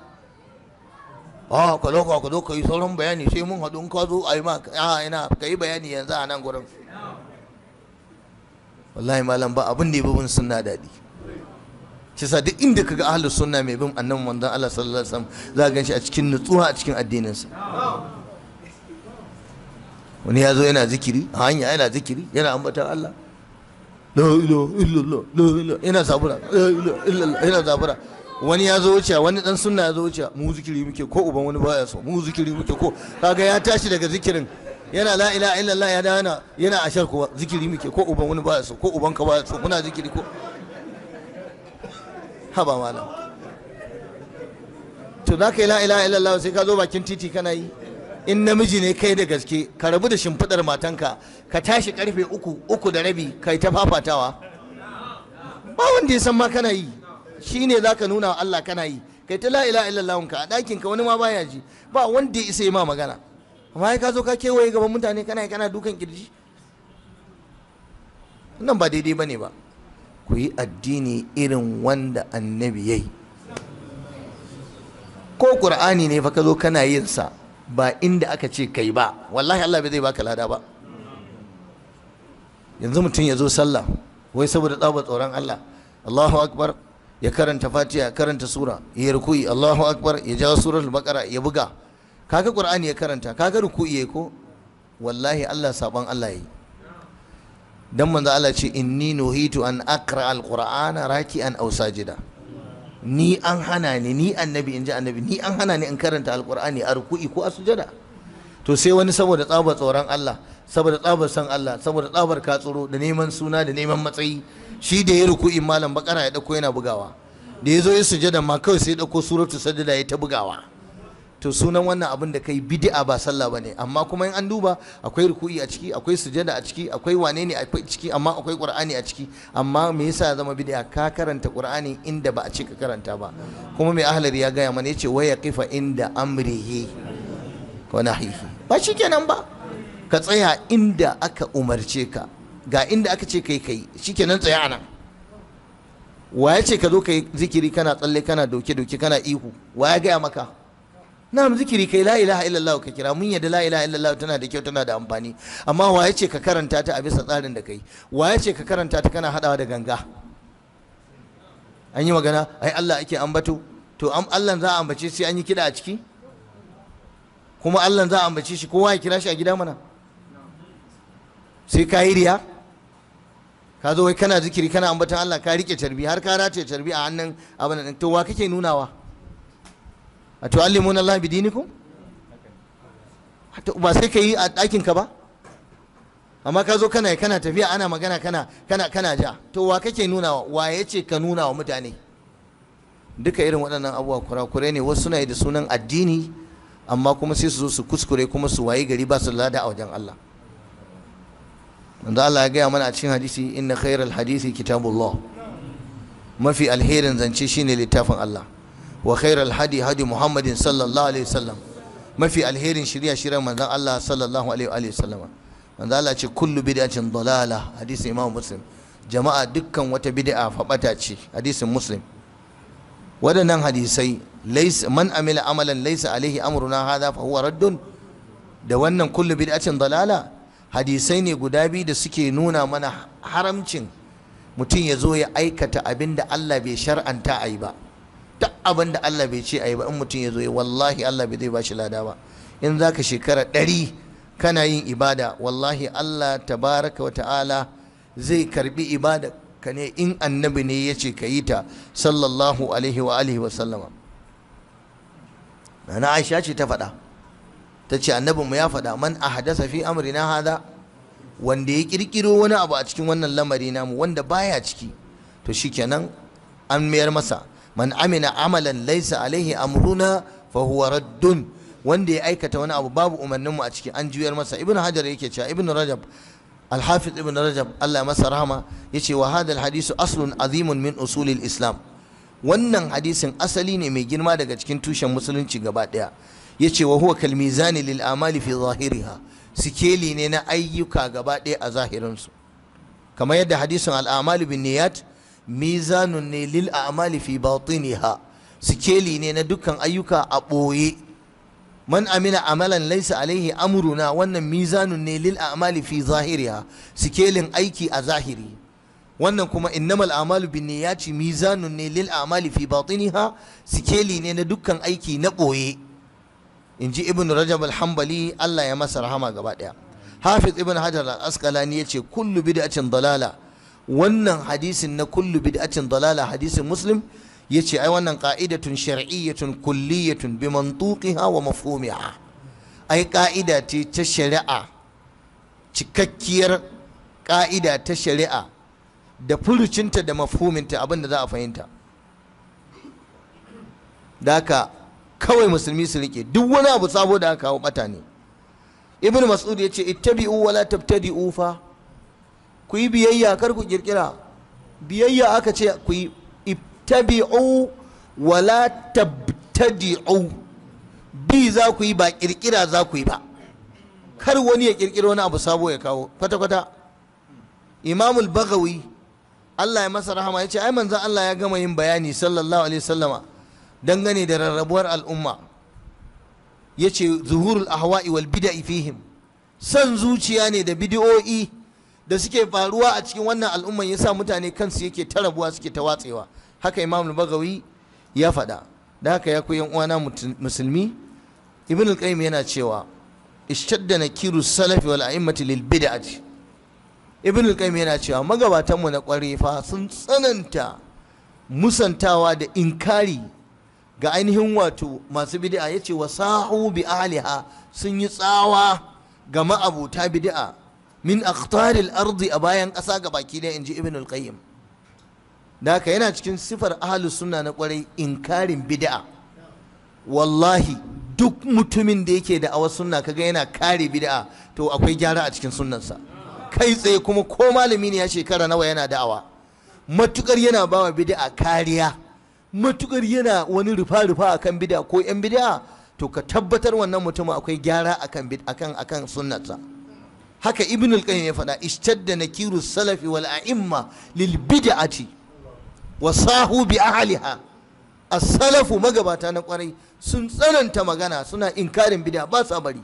a ko ka zo ka yi sauran bayani sai mun hadu in ka zo a yi ma ina ka yi bayani yanzu a nan gurin wallahi malam ba abin da ya bin sunna daɗi sa duk inda kaga ahlus sunna mai bin annabi manzon Allah sallallahu alaihi wasallam za ka ganshi a cikin nutsuwa a cikin addininsa wani ya zo yana zikiri a hanya yana zikiri yana ambata Allah la ilaha illallah la ilaha yana zabura la ilaha illallah yana sabura wani ya zo wuce wani dan sunna ya zo wuce mu zikiri muke ko uban wani baya so mu zikiri muke ko kaga ya tashi daga zikirin yana la illa Allah ya dana yana a kuwa zikiri muke ko uban wani baya so ko uban ka baya so muna zikiri ko haba mala to za ka yi ila illa Allah sai ka zo bakin titi kana yi in namiji ne kai da gaske ka rabu da shimfiɗar matanka ka tashi karfe uku uku da rabi kai ta fafatawa ba wanda ya san ma kana yi shi ne za ka nuna wa Allah kana yi kai ta la illa Allah ka a ɗakin ka wani ma baya ji ba wanda ya isa yi ma magana amma ka zo ka kewaye gaban mutane kana kana dukan kirji nan ba daidai ba ne ba ku yi addini irin wanda annabi yi ko ƙur'ani ne fa ka zo kana yin sa ba inda aka ce kai ba wallahi Allah bai zai baka lada ba yanzu mutum ya zo sallah wai saboda tsaba tsoron Allah Allahu akbar ya karanta fatiha ya karanta sura ya rukui Allahu akbar ya ja surar baqara ya buga kaga ƙur'ani ya karanta kaga ruku'i yayi ko wallahi Allah saban Allah yayi dan manzo Allah ce inni nuhitu an aqra alqur'ana raki'an aw sajida ni an hana ni ni annabi inji annabi ni an hana ni in karanta alqur'ani a ruku'i ko a sujada to sai wani saboda tsabar tsoron Allah saboda tsabar san Allah saboda tsabar tsoro da neman suna da neman matsayi shi da ya ruku'in malam bakara ya dauko yana bugawa da ya zo ya sujada ma kawai sai ya dauko suratul sajda ya ta bugawa to sunan wannan abin da kai bidi'a ba sallah bane amma kuma in an duba akwai ruku'i a ciki akwai sujada a ciki akwai wane ne a ciki amma akwai qur'ani a ciki amma me yasa zama bid'a ka karanta qur'ani inda ba a ce ka karanta ba kuma mai ahlar ya gaya mana yace waya qifa inda amrihi ko nahihi ba shikenan ba ka tsaya inda aka umarce ka ga inda aka ce kai kai shikenan tsaya anan wa ya ce ka zo ka zikiri kana tsalle kana doke doke kana ihu wa ya gaya maka na'am zikiri kai la ilaha illallah ka kira mun yadda la ilaha illallah tana da kyau tana da amfani amma waye ce ka karanta ta a bisa tsarin da kai waye ce ka karanta ta kana hadawa da ganga an yi magana ai Allah ake ambato to am Allah za a ambace sai an yi kida a ciki kuma Allah za a ambace shi kowa ya kira shi a gida mana sai ka yi riya ka zo wai kana zikiri kana ambaton Allah ka rike tarbi har ka rataye tarbi a hannun abin to wa kake nunawa a tu'allimuna Allah bi dinikum ba sai ka yi a ɗakin ka ba amma ka zo kana kana tafiya ana magana kana kana kana ja to wa kake nuna wa ya ce ka nuna wa mutane duka irin waɗannan abubuwa kurakurai ne wasu suna yi da sunan addini amma kuma sai su zo su kuskure kuma su wayi gari ba su lada a wajen Allah manzo Allah ya gaya mana a cikin hadisi inna khairal hadisi kitabullah mafi alherin zance shine littafin Allah wa khairal hadi hadi muhammadin sallallahu alaihi wasallam mafi alherin shirya shirya manzon Allah sallallahu alaihi wasallam manzon Allah ce kullu bid'atin dalala hadisin imam muslim jama'a dukkan wata bid'a fabata ce hadisin muslim waɗannan hadisai man amila amalan laisa alaihi amruna hadha fa huwa raddun da wannan kullu bid'atin dalala hadisai ne guda biyu da suke nuna mana haramcin mutum ya zo ya aikata abin da Allah bai shar'anta a yi ba duk abin da Allah bai ce a yi ba in mutum ya zo ya wallahi Allah bai zai ba shi lada ba in za ka shekara ɗari kana yin ibada wallahi Allah tabaraka wa ta'ala zai karbi ibada ka ne in annabi ne ya ce ka yi ta sallallahu alaihi wa alihi wa sallama Aisha ce ta faɗa ta ce mu ya faɗa man Ahadasafi fi na hada wanda ya ƙirƙiro wani abu a cikin wannan lamari namu wanda baya ciki to shikenan an mayar masa man amina amalan laisa alaihi amruna fa huwa raddun wanda ya aikata wani abu babu umarnin mu a ciki an juyar masa ibnu hajar yake cewa ibnu rajab الحافظ ابن رجب الله masa rahama yace wa hadal hadisu aslun azimun min usulil islam wannan hadisin asali ne mai girma daga cikin tushen musulunci gaba daya yace wa huwa kal mizani lil amali fi zahiriha sikeli ne na ayyuka gaba daya a zahirin su kamar yadda hadisin al amali bin niyat mizanun ne lil a'mali fi batiniha sikeli ne na dukkan ayyuka a ɓoye man amina amalan laisa alaihi amruna wannan mizanun ne lil a'mali fi zahiriha sikelin aiki a zahiri wannan kuma innamal a'malu bin niyyati mizanun ne lil a'mali fi batiniha sikeli ne na dukkan aiki na ɓoye inji ibn rajab al Allah ya masa rahama gaba daya hafiz ibn hajar al-asqalani yace kullu bid'atin dalala wannan hadisin na kullu bid'atin dalala hadisin muslim yace ai wannan qa'idatun shar'iyyatun kulliyatun bi mantuqiha wa mafhumiha ai ka'ida ce ta shari'a cikakkiyar ka'ida ta shari'a da furucinta da mafhuminta abinda za a fahimta daka kawai musulmi su rike duk wani abu sabo da aka kawo bata ne ibn mas'ud ya yace ittabi'u wala tabtadi'u fa ku yi biyayya kar ku kirkira biyayya aka ce ku yi ittabi'u wala tabtadi'u bi za ku yi ba kirkira za ku yi ba kar wani ya kirkira wani abu sabo ya kawo kwata-kwata imamul bagawi Allah ya masa rahama ya ce ai manzan Allah ya gama yin bayani sallallahu alaihi sallama dangane da rarrabuwar al'umma ya ce zuhurul ahwa'i wal bida'i fihim san zuciya ne da bidi'o'i da suke faruwa a cikin wannan al'umman sa mutane kansu yake tarabuwa suke ta watsewa haka imam bagawi ya faɗa da haka ya koyan uwana musulmi ibn al yana cewa ishtadda nakiru salafi wal a'immati lil bid'ati ibn al-qayyim yana cewa magabatan mu na kware fa sun tsananta musantawa da inkari ga ainihin wato masu bid'a yace wasahu bi aliha sun yi tsawa ga ma'abuta bid'a min akhtaril arzi a bayan ƙasa ga baki ɗaya in ibn al-qayyim da haka yana cikin sifar ahlus sunna na kwarai inkarin bid'a wallahi duk mutumin da yake da awa sunna kaga yana kare bid'a to akwai gyara a cikin sunnansa kai tsaye kuma ko malami ne ya shekara nawa yana da'awa matukar yana bawa bid'a kariya matukar yana wani rufa-rufa akan bid'a ko yan bid'a to ka tabbatar wannan mutum akwai gyara akan akan akan sunnarsa haka ibn al-qayyim ya faɗa ishtadda nakiru salafi wal a'imma lil bid'ati wa sahu bi ahliha as-salafu magabata na kwarai sun tsananta magana suna inkarin bid'a ba sa bari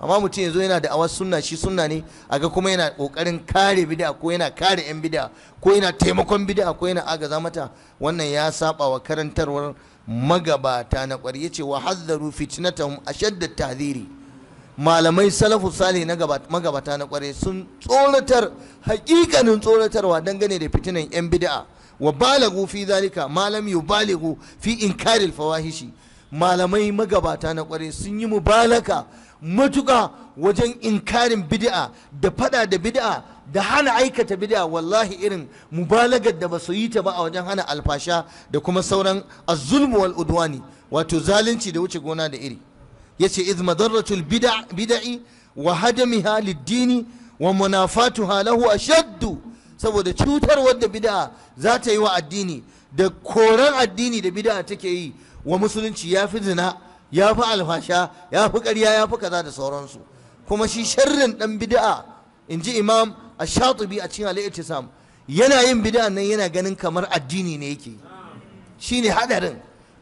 amma mutum yazo yana da awa sunna shi sunna ne aga kuma yana kokarin kare bid'a ko yana kare yan bid'a ko yana taimakon bid'a ko yana agaza mata wannan ya saba wa karantarwar magabata na kwarai yace wa haddaru fitnatahum ashadda tahdhiri malamai salafu salih na magabata na kware sun tsoratar hakikanin tsoratarwa dangane da fitinan yan bida'a. wa balagu fi zalika malam balagu fi inkaril fawahishi malamai magabata na kware sun yi mubalaka matuka wajen inkarin bid'a da fada da bid'a da hana aikata bida'a. wallahi irin mubalagar da ba su yi ta ba a wajen hana alfasha da kuma sauran azulmu wal udwani wato zalunci da wuce gona da iri yace ce madarratul bid'i wa hadamiha lid-dini wa munafatuha lahu ashaddu saboda cutar wadda bid'a za ta yi wa addini da koran addini da bid'a take yi wa musulunci ya fi zina ya fi alfasha ya fi ƙarya ya fi kaza da sauransu kuma shi sharrin dan bid'a in ji imam ash-shatibi a cikin al yana yin bid'a nan yana ganin kamar addini ne yake shine hadarin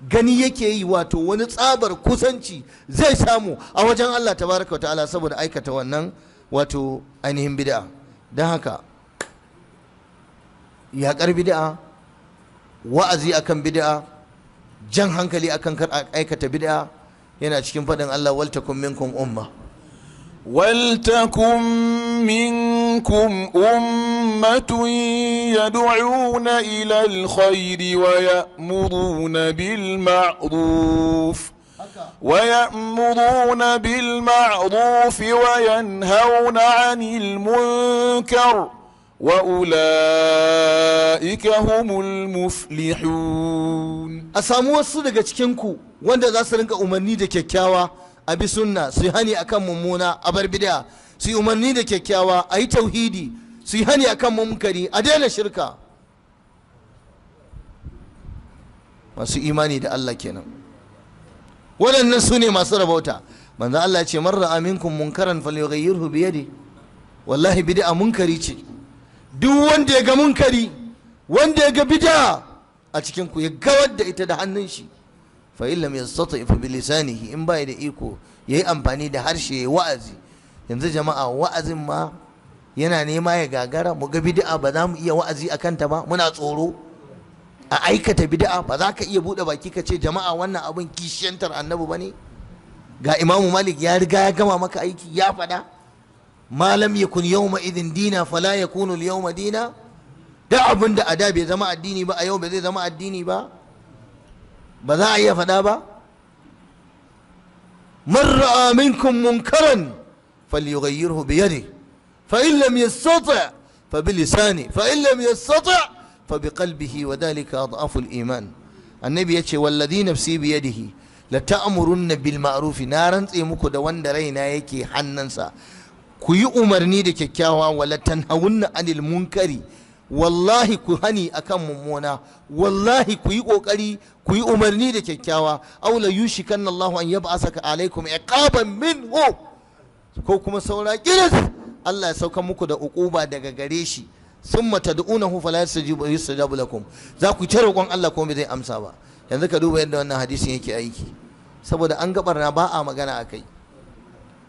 gani yake yi wato wani tsabar kusanci zai samu a wajen Allah tabaraka wa ta'ala saboda aikata wannan wato ainihin bid'a don haka yaƙar bid'a wa'azi akan bid'a jan hankali akan kar aikata bid'a yana cikin faɗin Allah waltakum minkum umma waltakum minkum umma أمة يدعون إلى الخير ويأمرون بالمعروف ويأمرون بالمعروف وينهون عن المنكر وأولئك هم المفلحون أسامو الصدق تشكنكو wanda za su rinka umarni da kyakkyawa a bi sunna su hani akan mummuna a bar bid'a suyi umarni da kyakkyawa ayi tauhidi su yi hani kan munkari a daina shirka masu imani da Allah kenan waɗannan su ne masu rabauta manzo Allah ce marra aminkum munkaran falyughayyirhu bi yadi wallahi bid'a munkari ce duk wanda ya ga munkari wanda ya ga bid'a a cikin ku ya gawar da ita da hannun shi fa in lam yastati fa lisanihi in bai da iko yayi amfani da harshe wa'azi yanzu jama'a wa'azin ma yana nema ya gagara mu ga bid'a ba za mu iya wa'azi a kanta ba muna tsoro a aikata bid'a ba za ka iya buɗe baki ka ce jama'a wannan abin kishiyantar annabi ba ne ga imamu malik ya riga ya gama maka aiki ya faɗa malam ya kun yau idin dina fala ya kunu yau dina da abin da a da bai zama addini ba a yau bai zai zama addini ba ba za a iya faɗa ba man ra'a minkum munkaran falyughayyirhu bi yadihi فإن لم يستطع فبلسانه فإن لم يستطع فبقلبه وذلك أضعف الإيمان النبي يتشي والذي نفسي بيده لتأمرن بالمعروف نارا تيمكو دوان درينا يكي حننسا كي أمرني دي كيكاوا ولا تنهون عن المنكر wallahi ku hani akan mummuna wallahi ku yi kokari ku yi umarni da kyakkyawa aula yushikan Allahu an yab'asaka alaikum iqaban minhu ko kuma saura kiris Allah ya sauka muku da uquba daga gare shi summa tad'unahu fala yastajibu yustajabu lakum za ku ta roƙon Allah ko zai amsa ba yanzu ka duba yadda wannan hadisin yake aiki saboda an gabar na ba a magana akai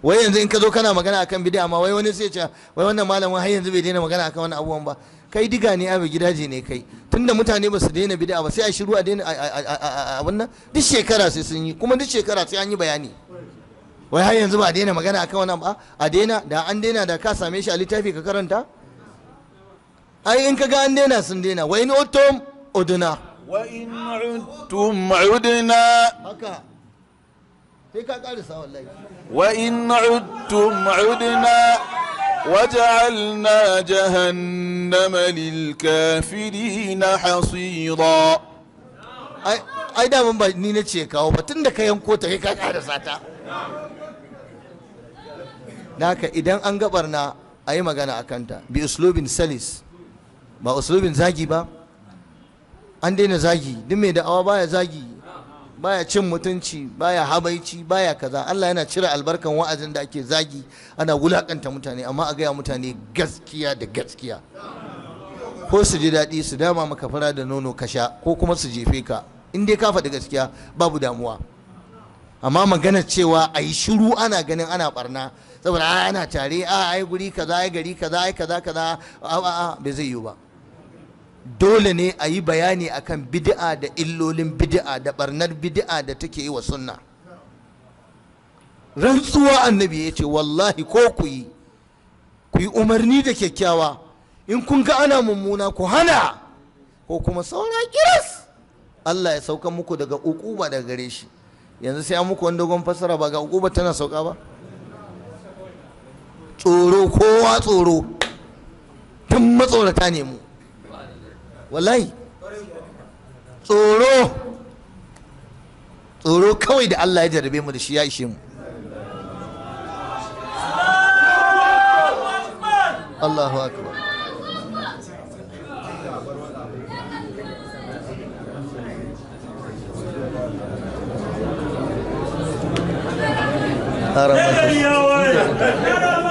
wai yanzu in ka zo kana magana akan bid'a ma wai wani sai ce wai wannan malamin har yanzu bai daina magana akan wannan abubuwan ba kai diga ne abu gidaje ne kai tunda mutane ba su daina bid'a ba sai a shiru a daina a wannan duk shekara sai sun yi kuma duk shekara sai an yi bayani wai har yanzu ba a daina magana akan wannan ba a daina da an daina da ka same shi a littafi ka karanta ai in ka ga an daina sun daina Wai in otom oduna Wai in otom oduna haka sai ka karisa wallahi wa in utum uduna وجعلنا جهنم للكافرين حصيرا ai da ban ba ni na ce kawo ba tun da ka yanko ta kai ka karasa ta Naka idan an gabar na a yi magana a kanta bi uslubin salis ba uslubin zagi ba an daina zagi duk mai da'awa baya zagi baya cin mutunci baya habaici baya kaza Allah yana cire albarkan wa'azin da ake zagi ana wulakanta mutane amma a gaya mutane gaskiya da gaskiya ko su ji daɗi su dama maka fara da nono ka sha ko kuma su jefe ka in dai ka faɗi gaskiya babu damuwa amma magana cewa a yi shiru ana ganin ana barna saboda a ana tare a ai guri kaza ai gari kaza ai kaza kaza a a bai zai yiwu ba dole ne a yi bayani akan bid'a da illolin bid'a da barnar bid'a da take yi wa sunna rantsuwa annabi ya ce wallahi ko ku yi ku yi umarni da kyakkyawa in kun ga ana mummuna ku hana ko kuma saura kiras Allah ya sauka muku daga ukuba daga gare shi yanzu sai an muku wani dogon fassara ba ga ukuba tana sauka ba tsoro kowa tsoro tun matsorata ne mu wallahi tsoro tsoro kawai da Allah ya jarabe mu da shi ya ishe mu Allahu akbar Haram.